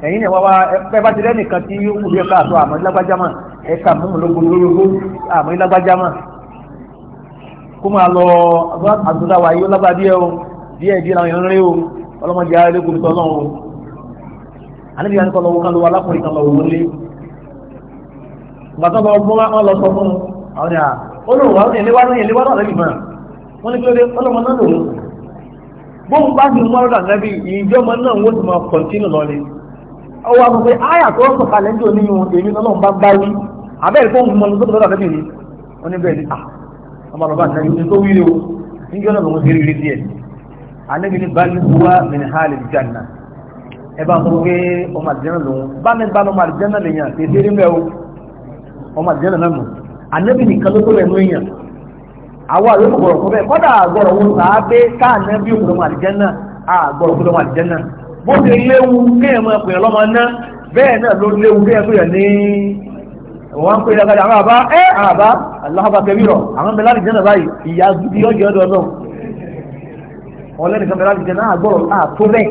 ẹ̀yìn ni wáwá ẹ bá ti dẹ́nu nìkan tí ó kù bí ẹ̀ka àtọ́ àmọ́ ìlágbájá mà ẹ̀ka mọ́mù lógun lórógó àmọ́ ìlágbájá mà kó máa lọ àtúntà wáyé ó lábàá díẹ̀ o díẹ̀ díẹ̀ làwọn èèyàn rí o ọlọ́mọdé ayé lókun tọ́ náà o àníbi yẹn lọ́wọ́ kan lọ́wọ́ alákùnrin kan lọ́wọ́ wọlé àwọn ni à olóòwò àwọn ìléwá ní ìléwá náà lẹ́yìn mọ́ wọ́n ní kílódé ọlọ́mọ náà lòun bóun bá ti mú ọlọ́dà nẹ́bí ìjọmọ náà wọ́n ti máa kọ̀ntínù lọ́lẹ̀ ọwọ́ àwọn pé áyà tó sọ kalẹ̀ ń jò ní ìhun èmi ọlọ́run bá bá wí abẹ́rẹ́ tó ń mọ ní sọ́dọ̀ nẹ́bí ni wọ́n ní bẹ́ẹ̀ ni à ah, ọmọ ọlọ́ba nẹ́bí ni tó wíire o níjọ́ náà lòun ti rí rí díẹ̀ anẹ́bí ni báyìí buwa min hali janna ẹ bá sọ pé ọmọ àdìjẹ́nà lòun bá mi bá ọmọ àdìjẹ́nà lè yàn tètè rí mẹ́ o ọmọ àdìjẹ́nà náà nù ànábì nìkan ló tó rẹ̀ mú èèyàn àwa àlọ́ kọ̀ọ̀rọ̀ fún bẹ́ẹ̀ kọ́dà àgọ́rọ̀ wọn sàá pé ká ànábì òkúrọ̀ wọn àlìjẹ́nà àgọ́rọ̀ òkúrọ̀ wọn àlìjẹ́nà bó ti léwu kéèyàn máa pè é lọ́mọ ná bẹ́ẹ̀ náà ló léwu kéèyàn pè é ní wọ́n pè é lágbàdà àwọn àbá ẹ́ àbá aláhàbà kẹbírọ̀ àwọn bẹ̀rẹ̀ àlìjẹ́nà báyìí ìyá gidi ọjọ́ ọdọ náà wọn lẹ́nu kan bẹ̀rẹ̀ àlìjẹ́nà àgọ́rọ̀ àtó bẹ́ẹ̀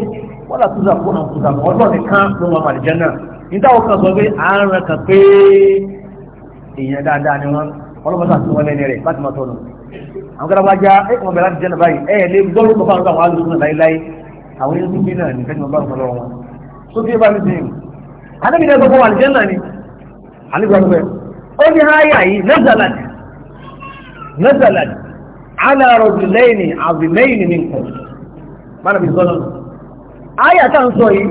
wọ́n là tún zàkó náà tún zàkó ọlọ́ọ̀nì kan ló wọn àlìjẹ́nà níta ó kàn sọ pé àárín kan pé èèyàn dáadáa ni wọ́n ọlọ́mọsá tí wọ́n lẹ́ni rẹ̀ láti máa tọ́nu àwọn kẹrẹ wájá ẹ kàn bẹ̀rẹ̀ láti jẹ́ nàbáyé ẹ ẹ̀ lé gbọ́dọ̀ tó fáwọn àwọn alùpùpù náà láéláé àwọn yẹn tún bí náà nìkan ni wọ́n bá wọn lọ́wọ́ wọn tó bí bá mi sìn yìí àdébí náà gbogbo àlùjẹ́ náà ni àlùbọ̀ ọ̀rọ̀ bẹ́ẹ̀ ó ní háyà yìí nazalat nazalat ala rajulaini azimaini minkum mana bí sọ́nà háyà tá sọ yìí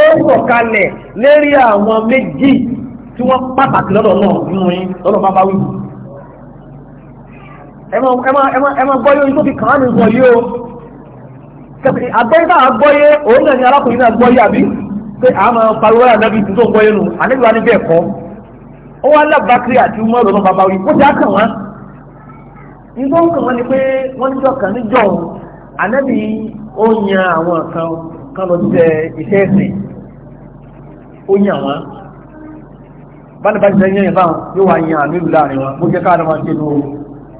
ó ń sọ̀kalẹ̀ lérí àwọn méjì tí wọ́n pàtàkì lọ́dọ̀ náà nínú yín lọ́dọ̀ bá bá wù. ẹ máa gbọ́ kàn án ní sọ yóò àgbẹ̀yìn náà gbọ́yé òun náà ni na náà gbọ́yé àbí a máa pariwo ẹ̀ nàbí tó ń gbọ́yé nù àníbi wa ó wá àti ti á kàn nígbà wọn kàn wọ́n ni pé wọ́n níjọ́ níjọ́ báni bá jẹ́ yẹn báwọn yóò wá yan àmì ìlú láàrin wọn mo jẹ́ káàdà máa ṣe nu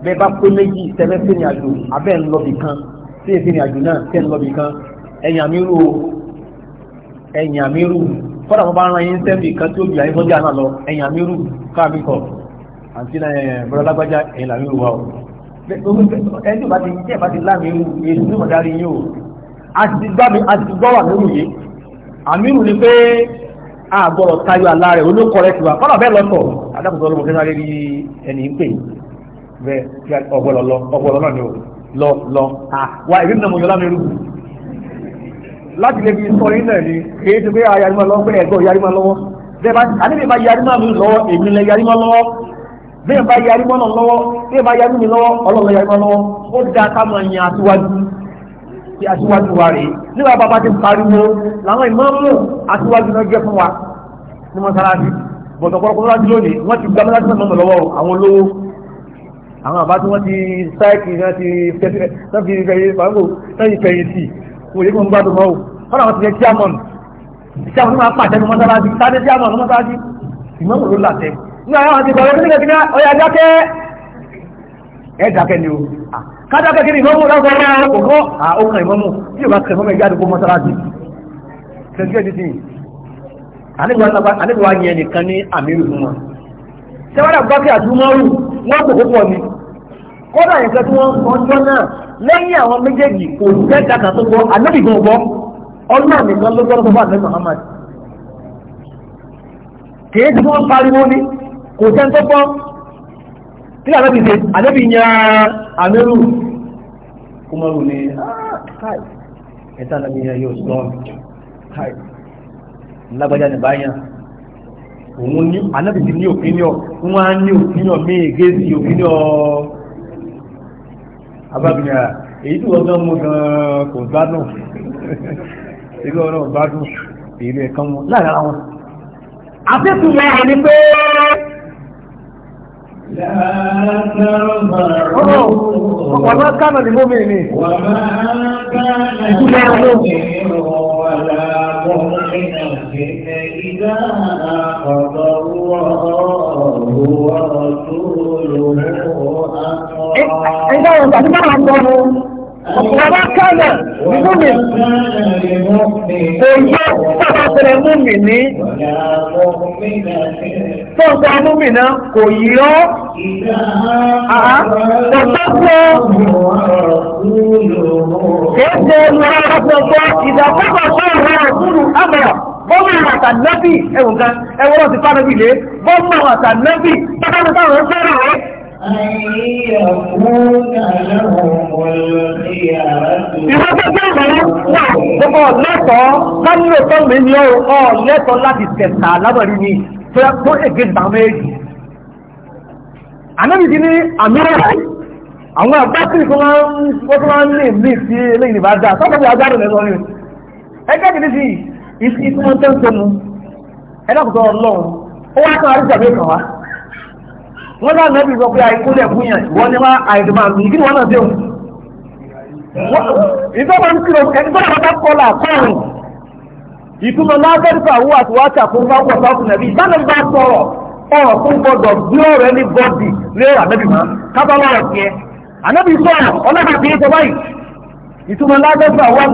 bẹ́ẹ̀ bá pé méjì tẹ́lẹ̀ sí ìrìn àjò abẹ́ ń lọ bì kan sí ìrìn àjò náà tẹ́ ń lọ bì kan ẹ̀yìn àmì rú ẹ̀yìn àmì rú kọ́dà mo bá ń ran yín sẹ́mi kan tí ó bì wa o ẹni ni pé àgbọ̀rọ̀ tayọ àlá rẹ̀ olókọ̀rẹ́ ti wà kọ́nà bẹ́ẹ̀ lọ́tọ̀ adákùnrin ọlọ́mọ kẹ́sàrẹ́ rí ẹni ń pè bẹ́ẹ̀ ọgbọ̀rọ̀ náà ni ó lọ lọ wa ìrìn náà mo yọ lámẹ́rù láti lè fi sọ yín náà ni èyí ti pé ayarimọ́ lọ́wọ́ pé ẹ̀gbọ́n yarimọ́ lọ́wọ́ àdébẹ̀ bá yarimọ́ mi lọ́wọ́ èmi lẹ yarimọ́ lọ́wọ́ bẹ́ẹ̀ bá yarimọ́ náà lọ́wọ́ bẹ́ẹ̀ bá yarimọ́ mi lọ́wọ́ ọlọ́run yarimọ́ lọ́wọ́ ó dáa ká máa yan aṣíwájú tí aṣíwájú wa rèé nígbà bàbá ti pariwo làwọn ìmáàmù aṣíwájú náà jẹ́ fún wa ní mọ́sálásí bọ̀dọ̀kọ́rọ́kọ́ mọ́sálásí lónìí wọ́n ti gba mọ́sálásí náà mọ́ lọ́wọ́ àwọn olówó àwọn àbá tí wọ́n ti sáìkì náà ti fẹ́yìntì kò yẹ kí wọ́n gbádùn mọ́ o wọ́n àwọn ti yẹ chairman chairman máa pàṣẹ ní mọ́sálásí sáré chairman ní mọ́sálásí ìmáàmù ló ẹ̀dàkẹ́ ni o kádákẹ́ kí ni ìmọ́mù lọ́gbọ́n náà kò kọ́ àókàn ìmọ́mù tí yóò bá kẹ́ ìmọ́mù ìjáde kó mọ́sálásí ṣẹ́jú ẹ̀dí sìn àníbíwá yẹn nìkan ní àmírù fún wọn ṣẹ́wọ́dà gbọ́kẹ́ àti mọ́rù wọ́n kò púpọ̀ ni kódà nǹkan tí wọ́n sọ ọjọ́ náà lẹ́yìn àwọn méjèèjì kò jẹ́ kàkà tó gbọ́ ànábì gan gbọ́ ọlọ́run nìkan ló gbọ́dọ̀ tó bá ànábì Muhammad kì í tí wọ́n pariwo ni kò sẹ́ni tó gbọ́ tí lè ṣe àbẹ́bí yan àmírù kúmọ̀rù ni káì ẹ̀ta àbẹ́bí yan yóò sọ káì lágbájá ní báyà òun ní àbẹ́bí ti ní opinion wọ́n á ní opinion mí gẹ́sì opinion abábìnrin àrà èyí tí wọ́n gan mú gan kò gbádùn ọ̀rọ̀ gbádùn Ọ̀pọ̀lọpọ̀ kánà ní mómi ni. Ìjúlẹ̀ ọ̀lọ́. Ẹgbẹ́ ọ̀gbà tí máa ń gbọ́ Bàbá kánà nínú mi. Èyí bàbá tẹ̀lé mú mi ní. Fọ́ǹtà mú mi náà kò yí ọ́. Bàbá sọ. Kéèké ló rárá sọ pé ìdàkọ́gbà tó rárá kúrú àmàlà. Bọ́mọ̀ àwọn àtàlẹ́bì ẹ̀wọ̀n kan ẹ̀wọ̀n ti fánàbì lé. Bọ́mọ̀ àwọn àtàlẹ́bì tábàtà táwọn ń fẹ́ràn rẹ̀. Ìwọ́pẹ́sẹ̀ lẹ́tọ̀ọ́ bá nílò tó mi ní ọ̀ lẹ́tọ̀ọ́ láti tẹ̀sà lábọ̀rí ni tó yẹ kó ègé ìgbàmọ́ èjì. Ànábì ti ní àmì àwọn àbátìrì tó máa ń wọ́n tó máa ń lè mí sí eléyìí ní bá dáa sọ́kọ́ bí agbára lẹ́sọ̀ ni. Ẹgbẹ́ kìíní sí ìsí tí wọ́n tẹ́ ń sọnù ẹ̀dọ́kùtọ̀ ọlọ́run ó wá kan àrísàbí kan wá. wọ́n náà nẹ́bí sọ pé àìkúlẹ̀ fún yẹn wọ́n ní wá àìdìmọ̀ àmì kí wọ́n náà dẹ̀wò. ìjọba ń kírò ẹni tó náà bá kọlà kọrin ìtumọ̀ lábẹ́rẹ́fà owó àti wáṣà fún bá wọ̀ sáfù nẹ́bí ìbáná bá sọ̀rọ̀ ọ̀rọ̀ fún gbọdọ̀ bí ọ̀rọ̀ ẹni bọ́dì lérò ànẹ́bí mọ́ kábàlá rẹ̀ tiẹ̀ ànẹ́bí sọ̀rọ̀ ọlọ́dà fi ń sọ báyìí ìtumọ̀ lábẹ́rẹ́fà àti wọn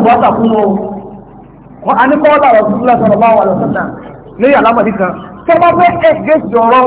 fún kan tó bá fẹ́ ọ̀rọ̀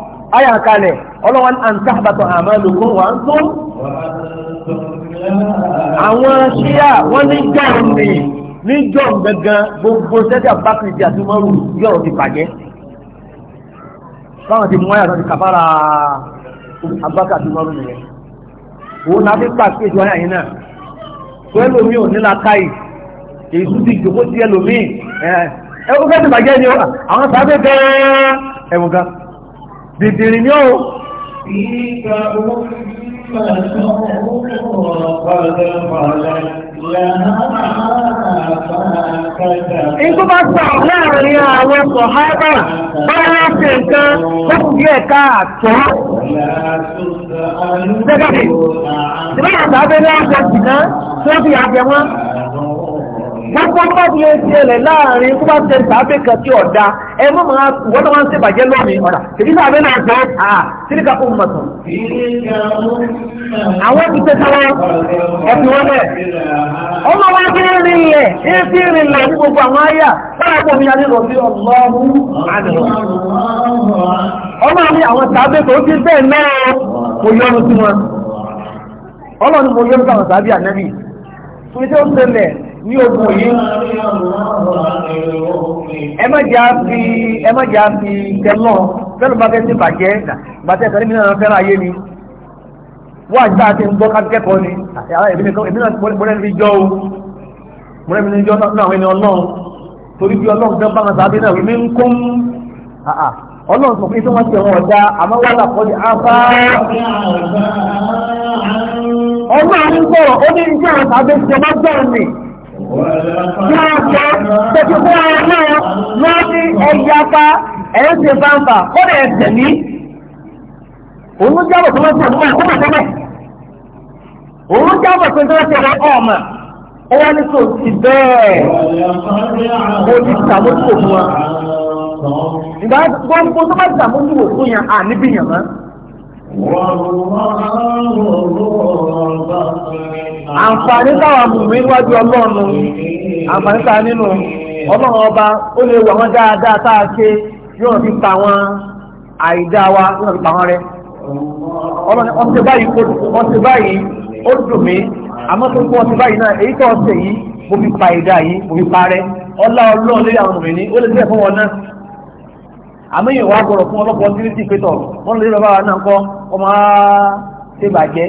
àyà kalẹ̀ ọlọ́wọ́n à ń sábàtọ̀ àmàlùkún wà ń tó. àwọn ṣíà wọ́n ní jọ̀ọ́ ní ní jọ̀ọ́ gangan gbogbo sẹ́jà bákìrìtì àti mọ́rù yọ̀ọ́ ti bàjẹ́. báwọn ti mú àyà náà ti kàfàrà abákà àti mọ́rù nìyẹn. òun náà fi pàṣẹ ìjọ àyà yìí náà. pẹ̀lú mi ò nílá káyì èyí tún ti jòkó sí ẹlòmíì. ẹ ẹ ó fẹ́ẹ́ ti bàjẹ́ ni àwọn sábẹ́ gan-an ẹ̀wọ̀n gan-an dìdìrì ní o. Ìgbà wo máa sọ ọ̀pọ̀lọpọ̀ ọ̀la lànà Ìgbó bá sọ láàrin àwọn ẹ̀kọ́ hábà báyá ṣe nǹkan tó kù bí ẹ̀ka àtọ́. Ṣé bá bẹ̀rẹ̀ àtàbẹ̀rẹ̀ àṣà jìnnà tó bí àjẹmọ́? gbogbo bá ti lè láàrin tó bá ṣe sàáfẹ́ kan tí ọ̀dá ẹ na máa wọ́n máa ń ṣe bàjẹ́ lónìí ọ̀dà tèmi náà bẹ́ẹ̀ náà gbọ́ à sílí kakó mọ̀ àwọn ti ṣe sáwọn ẹ̀sìn wọn bẹ̀. ọmọ wa gbogbo àwọn àyà mi alẹ́ lọ sí ọmọ mi àwọn tó ti ní ogun yìí ẹ má jà fi ẹ má jà fi tẹlọ fẹlẹ bá fẹsẹ bàjẹ́ bàtẹ sọ níbi náà fẹ́ràn ayé ni wọn àti àti ń gbọ́ kákẹ́kọ̀ọ́ ni èmi náà mọlẹ níbi jọ o mọlẹ níbi jọ náà àwọn ẹni Ọlọ́run torí bí Ọlọ́run fẹ́ bá wọn sábẹ náà wí mí ń kún Ọlọ́run sọ pé tí wọn ti wọn ọdá àmọ́ wọn là kọ ní afá Ọlọ́run sọ̀rọ̀ ó ní iṣẹ́ àwọn sábẹ ti ọba gbọrọ ni. Máa jẹ́ tẹ̀sí fún ara náà wọ́n ní ẹ̀yà pa ẹ̀ ń ṣe fáńfà kọ́dà ẹ̀sẹ̀ ní. Òun ló jábọ̀ tó lọ sí ọdún ẹ̀kọ́ màtẹ́mẹ̀. Òun ló jábọ̀ tó lọ sí ọdún ọ̀mà. Ó wá ní kò sí bẹ́ẹ̀. Mo ti ṣàmójútó fún wa. Ìgbà gbogbo tó bá ṣàmójútó fún yàn à níbí yàn mọ́. Wọ́n àǹfààní táwọn amùmí níwájú ọlọ́run àǹfààní a nínú ọlọ́run ọba ó lè wà wọ́n dáadáa a ṣe yóò fi pa wọn àìdá wa yóò fi pa wọn rẹ ọlọ́run báyìí ọ̀sẹ̀ báyìí ó dùn mí àmọ́ tó kú ọ̀sẹ̀ báyìí náà èyí tó yìí mo fi pa ìdá yìí mo fi parẹ́ ọlá ọlọ́run lórí àwọn ọmọbìnrin ó lè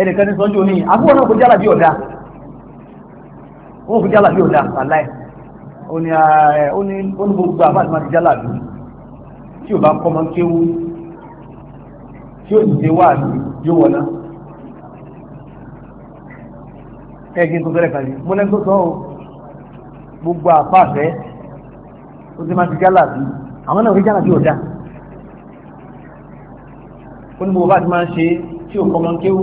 ẹnìkan ní sọ́njú ní àbúrò náà kò jálà bí ọ̀dá wọn kò jálà bí ọ̀dá aláì ó ní gbogbo àbáàdì máa ti jálà bí tí ò bá kọ́ máa ń kéwú tí ó sì ṣe wà ní yóò wọ̀ná ẹgbẹ́ tó fẹ́rẹ̀ kàlí mo lẹ́nu tó sọ ọ́ gbogbo àfáàfẹ́ ó ti máa ti jálà bí àwọn náà kò jálà bí ọ̀dá ó ní gbogbo bá ti máa ń ṣe tí ò kọ́ máa kéwú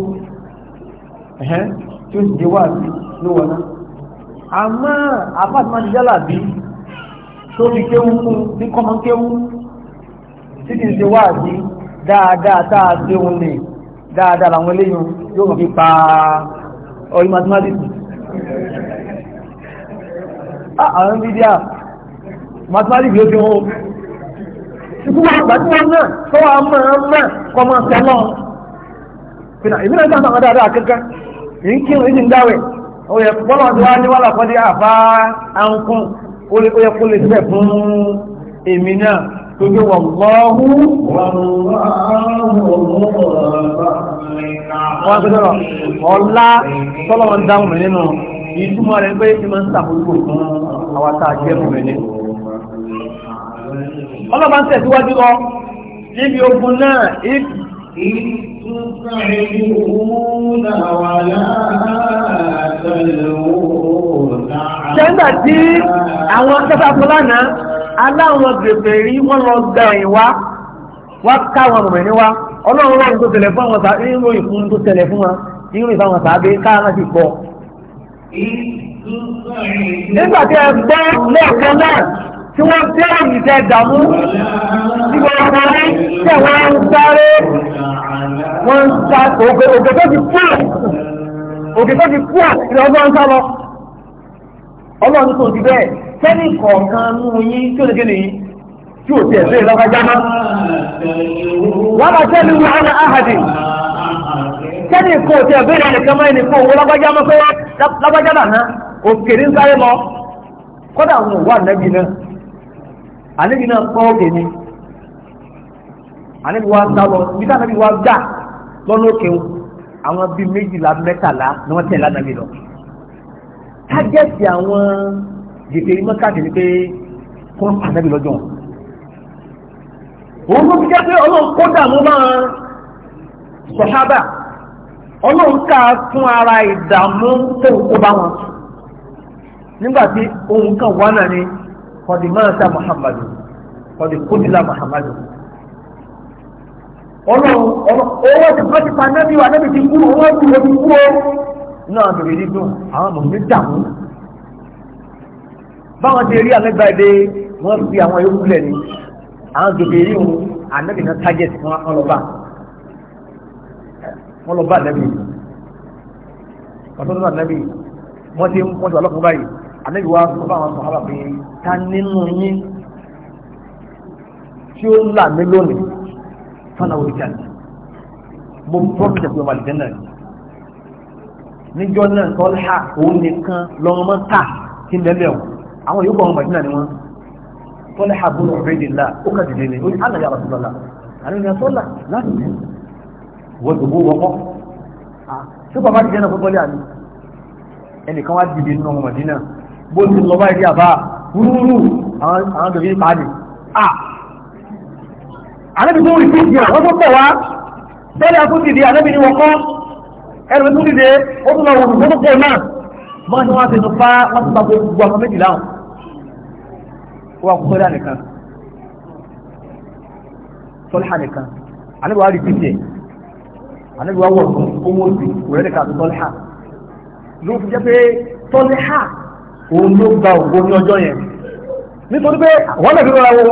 ẹ̀hẹ́n tí ó sì jẹ́ wà sí ló wọ̀ náà àmọ́ àpáàtìmá ti yálà bí tó fi kéwú fún ní kọ́mọ kéwú tí kì í ṣe wà sí dáadáa tá a ṣe òun lè dáadáa làwọn eléyìn yóò kàn fi pa ọyí mathematics ah, àwọn mídíà mathematics ló fi hàn ó ìkúwà àgbàtíwà náà tó wà máa máa kọ́mọ sẹ́lọ̀ ìbí náà náà dáadáa kankan ìkírun ìdí ń o ya bọ́lá ti wá ní wàhálà kan àfá ankun ó kó lè fún náà tó gbé wọ̀ lọ́hù wọ́n tó dọ̀rọ̀ ọlá tọ́lọ́wọ́n dáhùn mi nínú ìtumọ̀ rẹ̀ pé ń fún a jẹ́ fún mi ń tẹ̀síwájú lọ níbi ogun náà Ṣẹ́gbà tí àwọn akẹ́sàkọ́ lánàá, aláwọn gbèfè rí wọ́n lọ gbà wá, káwọn ọmọ ẹ̀ní wá, ọlọ́run lọ́run tó tẹ̀lẹ̀ fún àwọn sàábé, ìfún tó tẹ̀lẹ̀ fún wọn, ìfáwọn káwọn pọ̀. Nígbà tí ẹ gbọ́ lẹ́ẹ̀kan náà, tí wọ́n fẹ́ràn ìṣẹ́ ìdààmú tí wọ́n fọ́n tẹ̀ wọ́n ń sáré wọ́n ń sá òkè tó ti fún òkè tó ti fún ìrọ̀lọ́ ń sá lọ. ọlọ́run tó ti bẹ́ẹ̀ sẹ́ni kọ̀ọ̀kan nú yín tí ó lè kéde yín tí ò tiẹ̀ sí ìlọ́kàjá náà. wọ́n máa owó lọ́kàjá mọ́ pé lọ́kàjá sáré lọ kódà náà àníbi náà kọ́ òkè ni àníbi wa sá lọ ibi tá àníbi wa gbà lọ́nà òkè o àwọn bíi méjìlá mẹ́tàlá ni wọ́n tẹ̀lé ànábì lọ. tágẹ́ẹ̀tì àwọn gbèsè mọ́kàdé ni pé kọ́ ànábì lọ́jọ́ wọn. òun ló fi jẹ́ pé ọlọ́run kó dààmú máa fún ara ìdààmú tó ń kó bá wọn. ohun kan wà náà kọ̀dì máta muhammadu kọ̀dì kúndìlá muhammadu. ọlọ́run owó ti fọ́ ti pa nẹ́bí wa nẹ́bí ti kú owó ti wo ti kú o. náà bèrè nínú àwọn mọ̀mí dàmú. báwọn ti rí àmẹ́gbà èdè wọ́n fi àwọn ewu lẹ̀ ni àwọn gbèbè rí òun ànẹ́bí náà tájẹ̀ sí wọn lọ́ba wọn lọ́ba ànẹ́bí wọn tó lọ́ba ànẹ́bí wọ́n ti ń pọ́njú alọ́kùnrin báyìí ànábì wa sọ fún àwọn sọ̀hábà pé ta nínú yín tí ó là mí lónìí fana wòlíkà ni mo pọ́kìtà pé ọmọ àlìjẹ́nà ni níjọ́ náà tọ́lá òun nìkan lọ́wọ́ mọ́ ta kí n lẹ́lẹ̀ o àwọn yòókù ọmọ àlìjẹ́nà ni wọ́n tọ́lá àbúrò ọ̀rẹ́ ìdílà ó kà dìde ni ó ní àlàyé àbàtì lọ́la àlẹ́ ìyá tọ́lá láti wọ́n tó bó wọ́pọ́ bó ti lọ báyìí ní àbá rúrú àwọn tòbí ń pàdé à àlẹ́bí tó rí fíjì àwọn tó pọ̀ wá tẹ́lẹ̀ àtúndìdì àlẹ́bí ni wọ́n kọ́ ẹ̀rọ tó dìde ó tún lọ wọ̀dùn tó tó pọ̀ náà mọ́ ni wọ́n ti tún bá wọ́n ti ta gbogbo àwọn méjì láwọn ó wà kó sọ́dá nìkan sọ́lá nìkan àlẹ́bí wa rí fíjì àlẹ́bí wa wọ̀ fún owó òsì òrẹ́dẹ̀ká àti sọ́lá ló fi jẹ́ pé sọ́lá òun ló gba ògo ní ọjọ́ yẹn nítorí pé wọ́n lè fi rọra wo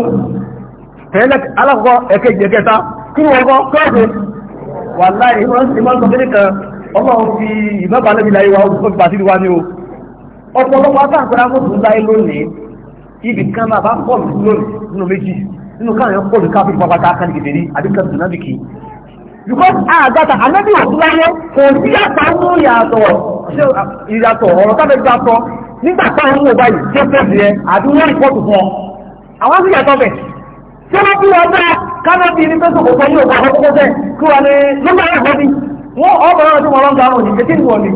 tẹ́lẹ̀ alákọ̀ọ́ ẹ̀kẹ́jì ẹ̀kẹta kí wọ́n kọ́ kọ́ọ̀dù wà láì ìmọ̀ sọ kíní kan ọlọ́run fi ìmọ̀bà lẹ́bi láyé wa ó fi pàṣẹ wa ní o ọ̀pọ̀lọpọ̀ akáǹkọ́ra mọ́tò láyé lónìí ibì kan máa bá pọ̀ lónìí nínú méjì nínú káwọn yẹn pọ̀ ní káfíń pọ̀ bàtà kan nìkejì ní àbí kan tùnà nìkì because àgàtà ànábì òkú láyé kò sí àtàwọn ìyàtọ̀ ìyàtọ̀ ọ̀rọ̀ tábẹ́gbà sọ nígbà táwọn ń wò báyìí jẹ́sẹ̀sì yẹn àbí wọ́n rìpọ́tù fún ọ. àwọn sì yàtọ̀ bẹ̀. tí wọ́n bí wọn bẹ́ẹ̀ kánọ́bì ní pẹ́sọ̀ kò sọ yóò bá àwọn bẹ́ẹ̀ kí wọ́n lè lọ́gbà rẹ̀ bí. wọ́n ọ̀bọ̀ náà tí wọ́n lọ́n garun ní etí nìwọ̀n ni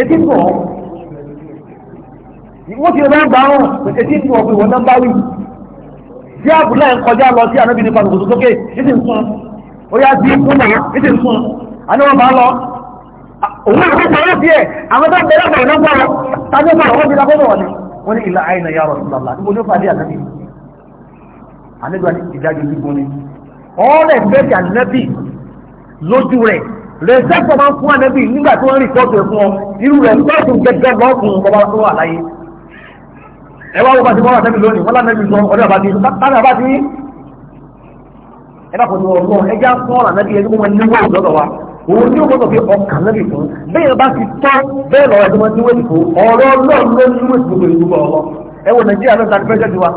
etí nìwọ̀n. wọ́n ti lọ́n garun etí nìwọ̀n pé wọ́n nọ́mbà wí. bí abúlé ń kọjá lọ sí anábì ní pàtàkì sókè etí ń sún. ó yá sí fún ń sún. àníwọ̀n bá lọ tàbí ọba àwọn ìdílé agbọ́dọ̀ wọn ni wọ́n ní ìlà àyìnà ya Rasulullah níbo ni ó fàdé ànábì ànábì ìdájọ́ gbígbó ni ọ̀rẹ́ bẹ́ẹ̀kì ànábì lójú rẹ̀ rẹ̀sẹ̀pọ̀ máa ń fún ànábì nígbà tí wọ́n rìpọ́ọ̀tù ẹ̀ fún ọ irú rẹ̀ pọ́ọ̀tù gẹ́gẹ́ lọ́ọ̀kùn bọ́bá tó wà láyé ẹ wá wọ́n bá ti bọ́ ànábì lónìí wọ́n lánàbì sọ ọdún àbá ti tánà àbá ti ẹ bá kò tó ọlọ́ ẹ já fún ọ̀rọ̀ ànábì òun ní òkòtò fi ọkàn náà lè fún bẹ́ẹ̀ bá ti tọ́ bẹ́ẹ̀ lọ́wọ́ ẹ̀dọ́ máa ti wéjì fún ọ̀rọ̀ ọlọ́run ló ní wéjì gbogbo ìgbogbo ọ̀rọ̀ ẹ wo nàìjíríà náà ta pẹ́jọ́ ti wa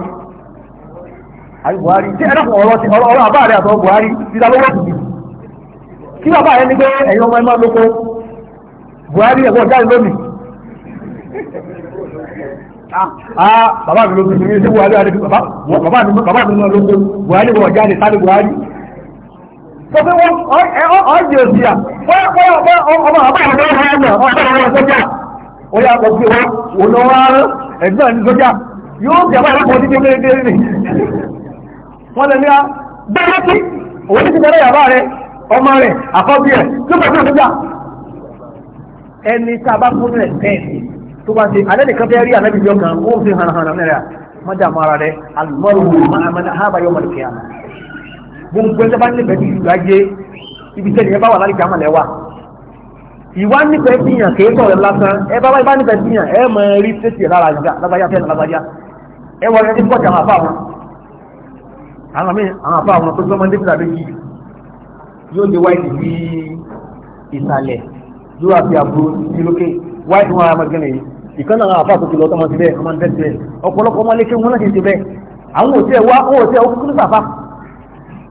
àbí buhari tí ẹ̀dá fún ọ̀rọ̀ ti ọ̀rọ̀ àbá rẹ̀ àtọ̀ buhari ti ta lọ́wọ́ tìbí kí bàbá yẹn ní pé ẹ̀yin ọmọ ẹ máa lóko buhari ẹ̀gbọ́n jáde lónìí ah, ah bàbá mi lóko buhari bàbá mi lóko buhari bọ̀ jáde sáré buhari sọ pé wọ́n ọ̀jẹ̀ òsì à ọmọ àbá àbá àbá àbá àbá àbá sọ́jà ó yà sọ pé wọ́n lọ wá ẹ̀gbọ́n ní sọ́jà yóò fi àbá àbá ọdún kékeré ní. wọ́n lè ní a bẹ́ẹ̀ tí òun ti bẹ̀rẹ̀ yàrá rẹ ọmọ rẹ àkọ́bí ẹ̀ tó bá fún sọ́jà. ẹni tá a bá fún rẹ̀ bẹ́ẹ̀ tó bá ṣe alẹ́ nìkan fẹ́ rí ànábì jọ kan ó fi hànàhànà mẹ́rẹ̀ mọ́jà mọ́ra rẹ̀ alùmọ́rù mọ́ gbogbo ẹjọ́ bá nífẹ̀ẹ́ bí ìlú ayé ibi tẹ́lẹ̀ ẹ bá wà láti kí àmàlẹ́ wà. ìwà nífẹ̀ẹ́ bíyàn kì í sọ̀rọ̀ lásán ẹ bá bá nífẹ̀ẹ́ bíyàn ẹ mọ rí tètè lára ìjà lágbájá fẹ́ẹ́ lágbájá ẹ wọ ẹ ti pọ̀ jàmà fà wọn. àwọn míì àwọn àfà wọn tó gbọ́mọdé fìlà méjì yóò lé wáìtì bí ìsàlẹ̀ yóò àfi àbúrò sí lókè wáìtì wọn àmọ́gẹ́rin ìkànnà àwọn àfà tó ti lọ tọmọ síbẹ̀ ọmọ nífẹ̀ẹ́ ọ̀pọ̀lọpọ̀ ọmọ lékè ti bẹ́ẹ̀ àwọn òtí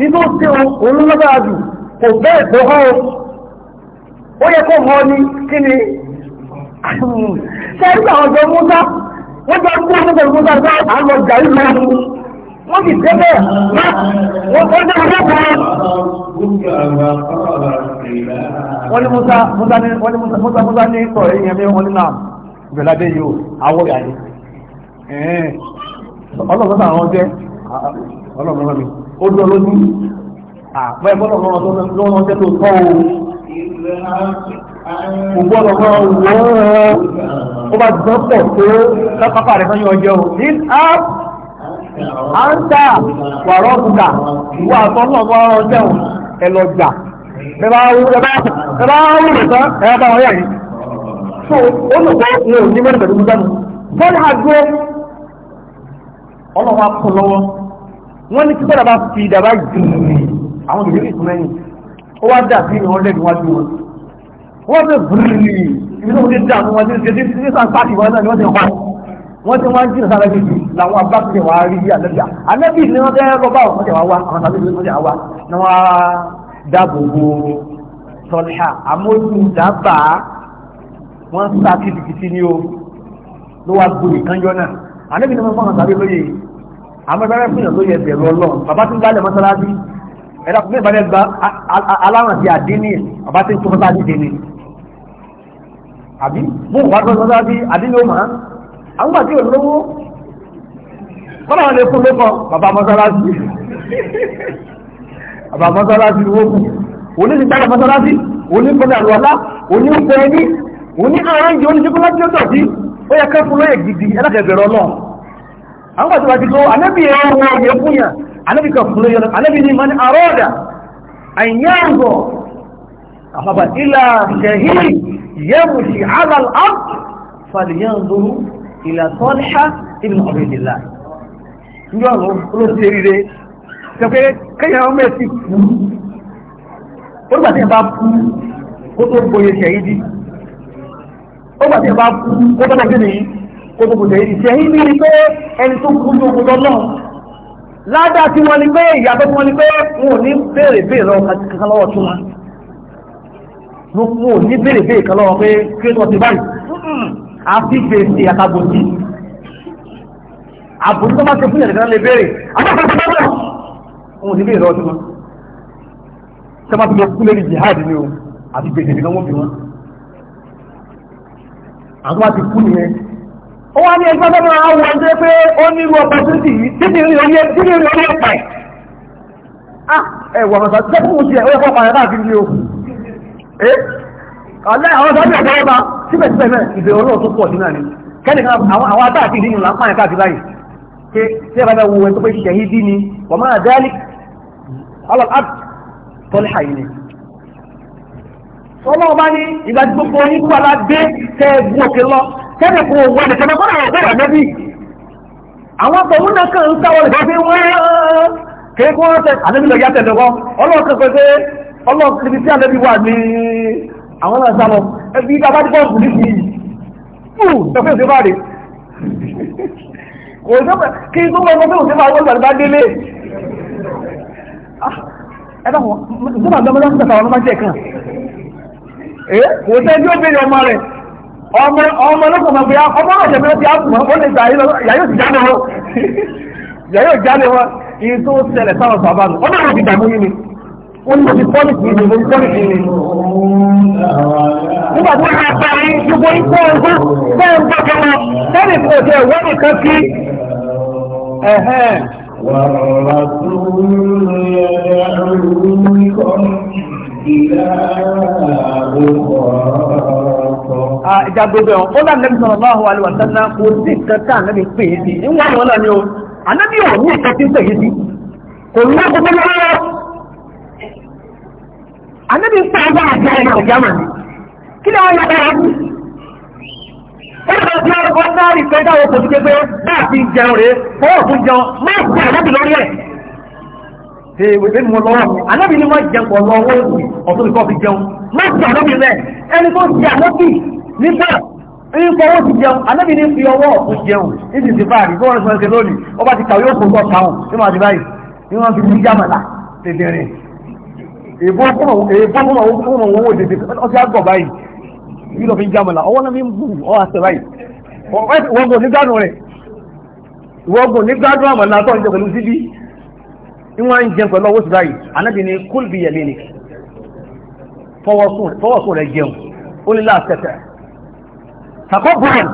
nínú tí òun lọ́dọ̀ àjù kò bẹ́ẹ̀ tó họ́ ó yẹ kó họ́ ní kí ni ṣẹ́ríkà ọjọ́ múta wọ́n jọ ń gbọ́n múta múta sá àlọ́ jàrí máa mú wọ́n sì débẹ̀ wọ́n tó dé ọjọ́ kan. wọ́n ní múta múta ní wọ́n ní múta múta múta ní sọ̀rọ̀ èèyàn mi wọ́n ní náà ìbẹ̀lá dé yìí ó awọ́ yà ni ọlọ́run náà wọ́n jẹ́ ọlọ́run náà mi ó dán lójú àpẹ́ gbọ́dọ̀ mọ́ ọdún lọ́wọ́ tẹ́lẹ̀ tọ́ o kò gbọ́dọ̀ mọ́ wọ́ ó bá dán pọ̀ tó lápapà rẹ̀ sọ́yìn ọjọ́ o ní app anta wàrọ̀ ọ̀gùnkà ìwọ àtọ́nà mọ́ ọjọ́ o ẹ lọ gbà wú ẹ bá wú rẹ̀ so ó lọ pé ní òní mẹ́rin pẹ̀lú mú dánù bọ́ọ̀lù àgbẹ̀ ọlọ́wọ́ akọ lọ́wọ́ wọ́n ní kíkọ́dà bá fi ìdàbá gbìyànjú àwọn ìrírí ìsúnmẹ́yìn ó wá dà sí ìrìn ọ̀rẹ́dì wájú wọn wọ́n ti bìrì ibi tó ń dá àwọn ọmọdé ṣe tí ní sàn pàtì wọn náà ni wọ́n ti wá wọ́n ti wá ń jìnnà sára jìjì làwọn abáṣe wàá rí àlẹ́bíà àlẹ́bí ni wọ́n fẹ́ lọ bá àwọn ọmọdé wa wá àwọn àlẹ́bí ni wọ́n ti wá ni wọ́n á dáàbò bo tọ́lá àmójú dábàá wọ́n sá kìtìkìtì ni ó ló wá gbòòrì kánjọ́ náà àlẹ́bí ni wọ́n fọ́n àmọ́ ìbára fún ìyàn tó yẹ bẹ̀rù ọlọ́run bàbá tí ń gbálẹ̀ mọ́sálásí ẹ̀dá fún mẹ́bàá lẹ́gbàá aláràn sí àdínì bàbá tí ń tún mọ́sálásí dé ni àbí mú wà tó mọ́sálásí àdínì ó máa àwọn àti olówó kọ́nà wọn lè fún lókọ bàbá mọ́sálásí bàbá mọ́sálásí ló kù òní ti dára mọ́sálásí òní kọ́nà àlùwàlá òní ń pẹ́ ní òní àárín yìí òní ti kọ́nà tí ó dọ̀ sí ó yẹ kẹ́fún lóye gidi àwọn àti wàtí kó anábì ẹ̀rọ wọn yẹ fún yà anábì kan fún lóyún anábì ní mani àrọ́dà àyàngọ̀ àfàbà ilà ṣẹ̀hìn yẹ́mùsì alàlám fàlìyàndóró ilà tọ́lá ibn ọ̀bẹ̀dìlá ní ọ̀rọ̀ olóṣèlú rere tẹ́fẹ́ kẹ́yìn ọmọ ẹ̀sìn kú ó gbà tí ẹ bá kú ó tó gboyè ṣẹ̀yìn dí ó gbà tí ẹ bá kú ó tọ́lá kí nìyí kó tó kù sẹ́yìn ìṣẹ́yìn pé ẹni tó kú ní ogun lọ́nà ládàá tí wọ́n ni pé ìyàtọ̀ tí wọ́n ni pé wọn ní béèrè béèrè kankan lọ́wọ́ tún wọn wọn ní béèrè béèrè kan lọ́wọ́ pé kí ti báyìí àfi gbèsè àtàbòsí àbòsí tó bá ti fún ìrìnkan tí wọ́n ti lọ o àti gbèsè nìkan wọ́n fi wọn àwọn àti kú ó wá ní ẹgbẹ́ tó máa wọ ẹgbẹ́ pé ó ní A ah, ẹ wọ oṣù ó yẹ pààyàn káàkiri ni o. ọ̀lẹ́ àwọn sọ́ọ́ tẹ̀ tẹ́wọ́ síbẹ̀síbẹ̀ náà ìbẹ̀rù ọlọ́run tó pọ̀ sí náà ni kẹ́nìkan àwọn atáàkì ìdíyìn là káàkiri báyìí ẹ bá wo tó dí ni wọ́n máa ọlọ́wọ́ bá ní ìgbà gbogbo yín aládé tẹ ẹ̀bù òkè lọ tẹ́lẹ̀ kò wọ ẹ̀dẹ̀ tẹ́lẹ̀ kọ́nà ọ̀gbẹ́ rẹ̀ mẹ́bí. àwọn ọkọ̀ náà kàn ń sáwọ́ kéé kó wọ́n tẹ àdébí lọ yàtẹ̀ lọ́wọ́ ọlọ́wọ́ kan níbi tí wà ní àwọn náà sálọ ẹbí ẹ eh, kò sẹ́ni ó béèrè ọmọ rẹ̀ ọmọ ọmọ lọ́kọ̀ máa gbéra ọmọ náà jẹ̀mí lọ́kọ̀ yàtọ̀ ó lè gbà yàyò sì jáde wọn yàyò jáde wọn iye tó ṣẹlẹ̀ sáwọn sàbá nù ọmọ náà ti dààmú yín ni ó ní ti pọ́lìkì ni mo ń pọ́lìkì ni. nígbà tí wọ́n máa pa ní gbogbo ikú ọgbọ́n fẹ́ẹ̀ ń gbọ́kẹ́ wọn sẹ́ni kò tẹ̀ wọ́n nìkan kí والرسول يدعوكم إلى Ah, ìjàgbogbo ẹ̀wọ̀n ó láti lẹ́bìsọ̀rọ̀ bá wà lè wà tánà kò sí kẹta ànábì pè é sí ìwọ̀n àwọn náà ni ó ànábì ò ní ìkẹ́ tí ń pè é sí kò ní ọgbọ́n lọ́wọ́ ànábì ń pè é bá àjá ẹ̀rọ ìjàmà ni kí ló wọ́n yọ bára bú ó lọ sí ọgbọ́n náà rí pé ti gbé bá àti jẹun rèé fọwọ́ fún jẹun má èèwèdè mú lọ́wọ́ mi anábì ni wọ́n jẹun pọ̀ lọ́wọ́ òsì ọ̀tún nìkan fi jẹun má ti ànábì rẹ̀ ẹni tó ti ànábì nígbà ń fọwọ́ ti jẹun anábì ni fi ọwọ́ ọ̀tún jẹun níbi ìsìnká àrí tó wọ́n ti sọ lónìí ó bá ti kàwé òkú lọ kàwọn ní wọn àti báyìí ní wọn fi yíyá màlà tètè rìn èèbó fúnmọ̀ owó tètè ọtí àgọ̀ báyìí yìí lọ fi yíyá màlà ọwọ́ náà fi ń bù ọ́ àṣẹ báyìí wọ́n gò nígbàdùn rẹ̀ wọ́n gò nígbàdùn àmàlà tó ń jẹ pẹ̀lú síbí ní wọ́n ń jẹun pẹ̀lú ọwọ́ sí báyìí anábì ní kúl bí yẹ̀lé ni fọwọ́sùn rẹ̀ jẹun ó ní láàṣẹ̀tẹ̀ takoburan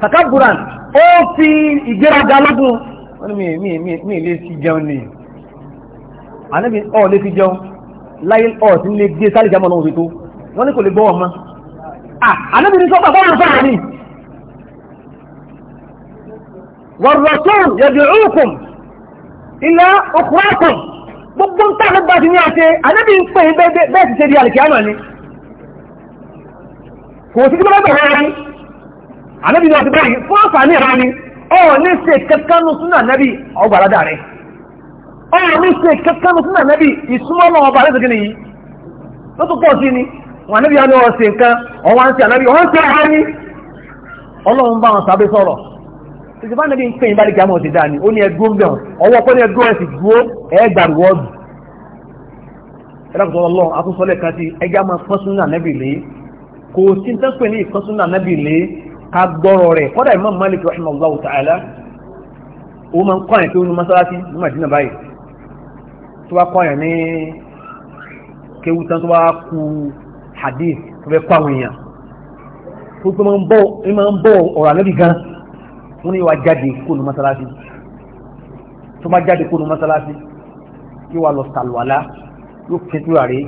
takoburan ó fi ìgbéraga lọ́dún wọ́n ní mi mi mi lè fi jẹun ni anábì ọ̀ lè fi jẹun láyé ọ̀ sí lè gbé sálì jámọ̀ lọ́wọ́ fi tó wọ́n ní kò lè gbọ́wọ́ mọ́ anábì ní sọ́kà bọ́ọ̀lù fáà ni wọ́n rọ̀ tó yẹ ilá okùnrákùn gbogbo ń tàbí bá ní àṣẹ anábì ń pè bẹ́ẹ̀ ti ṣe di àlìkíámà ni kò sí gbọ́dọ̀ bẹ̀rẹ̀ rẹ̀ ni ní àti báyìí fún àǹfààní rẹ̀ ni ọ̀ ní ṣe kẹkẹ́nu sínú ànábì ọgbàládà rẹ̀ ọ̀ ní ṣe kẹkẹ́nu sínú ànábì ìsúmọ́ náà ọba rẹ̀ yìí ló tún pọ̀ ni wọn ọ̀sẹ̀ nǹkan ìjọba náà bí ń pè yín bá lè kíámọ̀ ti dáa ni ó ní ẹgbẹ́ ògbẹ́ ọwọ́ pé ní ẹgbẹ́ ẹ̀sìn dúró ẹ̀ẹ́gbà rúwọ́dù ẹlẹ́kùtọ́ ọlọ́run akúsọ́lẹ̀ kan ti ẹjá máa fọ́súnà nẹ́bì lé kò sí tẹ́sùpẹ̀ ní ìfọ́súnà nẹ́bì lé ká gbọ́rọ̀ rẹ̀ kọ́dà Imam Malik rahimahullahu ta'ala ma wọ́n ní wà jáde kónú mọ́sálásí tó bá jáde kónú mọ́sálásí kí wà lọ sàlùwàlá yóò kẹ́tùrà rẹ̀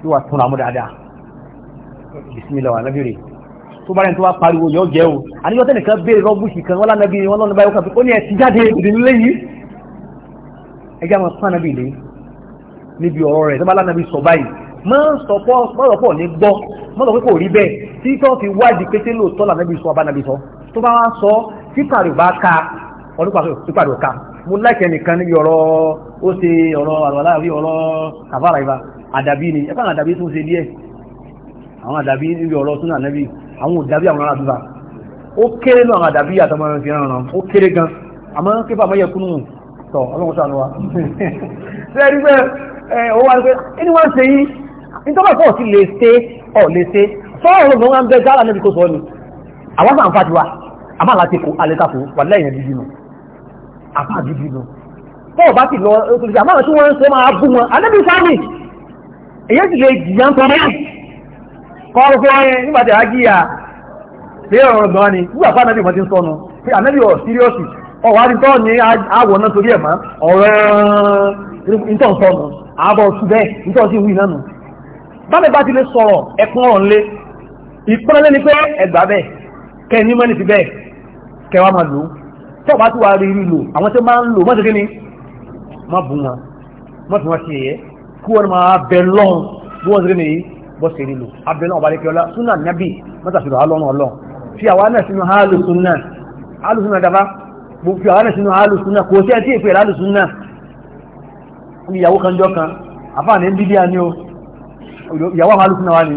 kí wà tún àmú dáadáa bisimilahi wa nabi rẹ̀ tó bá rẹ̀ tó wá pariwo yóò jẹ́ o àníyàn tẹ́lẹ̀ kan béèrè rọ́bùsì kan wọ́n lánàbí wọn lọ́nà báyọ̀ kan ó ní ẹ̀sìn jáde ìdè nílé yìí ẹjẹ́ àwọn fún ànábì lé níbi ọ̀rọ̀ rẹ̀ tó bá lánàbí sọ báyìí má sọ pọ̀ má sọ pọ̀ ní gbọ́ má kò rí bẹ́ẹ̀ tí tó fi wádìí pété lóòótọ́ lànàbí sọ abánabi sọ tó bá wá sọ sípàrì bá ka ọdúnpàṣẹ sípàrì ọ̀ka mo láìkẹ́ nìkan níbi ọ̀rọ̀ ó ṣe ọ̀rọ̀ àlùwàlá àbí ọ̀rọ̀ kàfàrà ìbá àdàbí ni ẹ̀fà àdàbí tún ṣe díẹ̀ àwọn àdàbí níbi ọ̀rọ̀ súnà nẹ́bí àwọn òdàbí àwọn ará àdúrà ó kéré náà àdàbí àtọmọ fi ràn ó kéré gan àmọ́ tọ̀ ọlọ́run sànù wa pé pé ẹni wá ń ṣe yín nítorí lè ṣe ọ̀ lè ṣe ló ń bẹ gáàlà àmà láti kò alẹ́tàfò wà lẹ́yìn dídí nù àbá dídí nù fọ́ọ̀ bá ti lọ òtòlùsí àmà tí wọ́n ń sọ máa bú wọn alẹ́bí sáàmì èyí sì lè jìyà ń tọrọ kọ́ fún ọyẹ nígbà tí a jìyà pé ọ̀rọ̀ gan ni nígbà fún anábì wọn ti ń sọnu pé anábì ọ̀ síríọ́sì ọ̀wá ti tọ́ ní àwọ̀ náà torí ẹ̀ mọ́ ọ̀rọ̀ ìtọ̀ sọnu àbọ̀ ní ti bẹ́ẹ̀ kẹwàá máa lò tó bá tí wàá rí rí lò àwọn tó máa ń lò mọ́tò kíni má bù wọn mọ́tò wọn ti yẹ kí wọ́n máa bẹ lọ́n bí wọ́n ti rí nìyí bọ́ sí rí lò abẹ lọ́n ọba lè kíọ́lá súnà nábì mọ́tà sọ̀rọ̀ alọ́run ọlọ́run fi àwa náà sínú hálù súnà hálù súnà dábá fi àwa náà sínú hálù súnà kò sí ẹtí ìpè hálù súnà ìyàwó kan jọ kan àfáàní bíbí àní o ìyàwó hálù súnà wa ni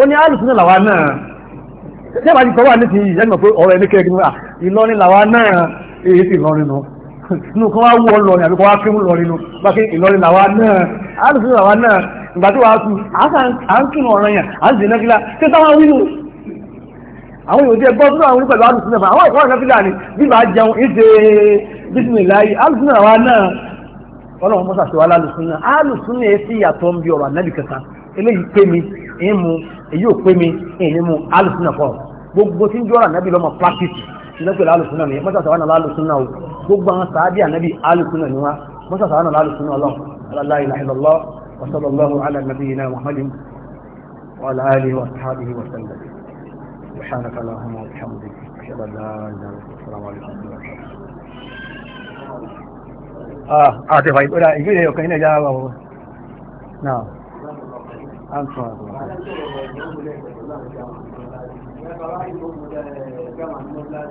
ó ní hálù súnà làwa náà ṣé wàá ti sọ wà ní ti yìí yẹn mọ̀ pé ọ̀rọ̀ ẹni kẹ́kẹ́ nípa ah, Ìlọrin làwa náà èyí ti Ìlọrin nù nù kọ́ wá wú Ọlọ́rin àbí kọ́ wá kéwú Ìlọrin nù bá kí Ìlọrin làwa náà àlùfẹ́ làwa náà ìgbà tó wàá sùn à ń kírun ọ̀rọ̀ yẹn à ń sì náfìlà ṣé táwọn wí nù àwọn yòó jẹ́ gbọ́ tó àwọn onípẹ̀lú àlùfẹ́ náà àwọn ìkọ́ náfìlà ni bí bá jẹun ìṣe bísímìláyì àlùfẹ́ làwa náà náà àlùsùn náà sì gbogbo tí ń jọ́ra ànábì lọ́mọ practice ìlẹ́pẹ̀ lálùsúnà ni mọ́sàtà wà náà lálùsúnà o gbogbo àwọn sàábì ànábì alùsúnà ni wá mọ́sàtà wà náà lálùsúnà ọlọ́run la ilaha illallah wa sallallahu ala nabiyyina muhammadin wa ala alihi wa sahbihi wa sallam subhanaka allahumma wa bihamdika ashhadu an la ilaha illa anta astaghfiruka wa atubu ilayk ah ah te vai ora ìbéèrè ọ̀kan ina ya wa now i'm sorry fara'i ko da gama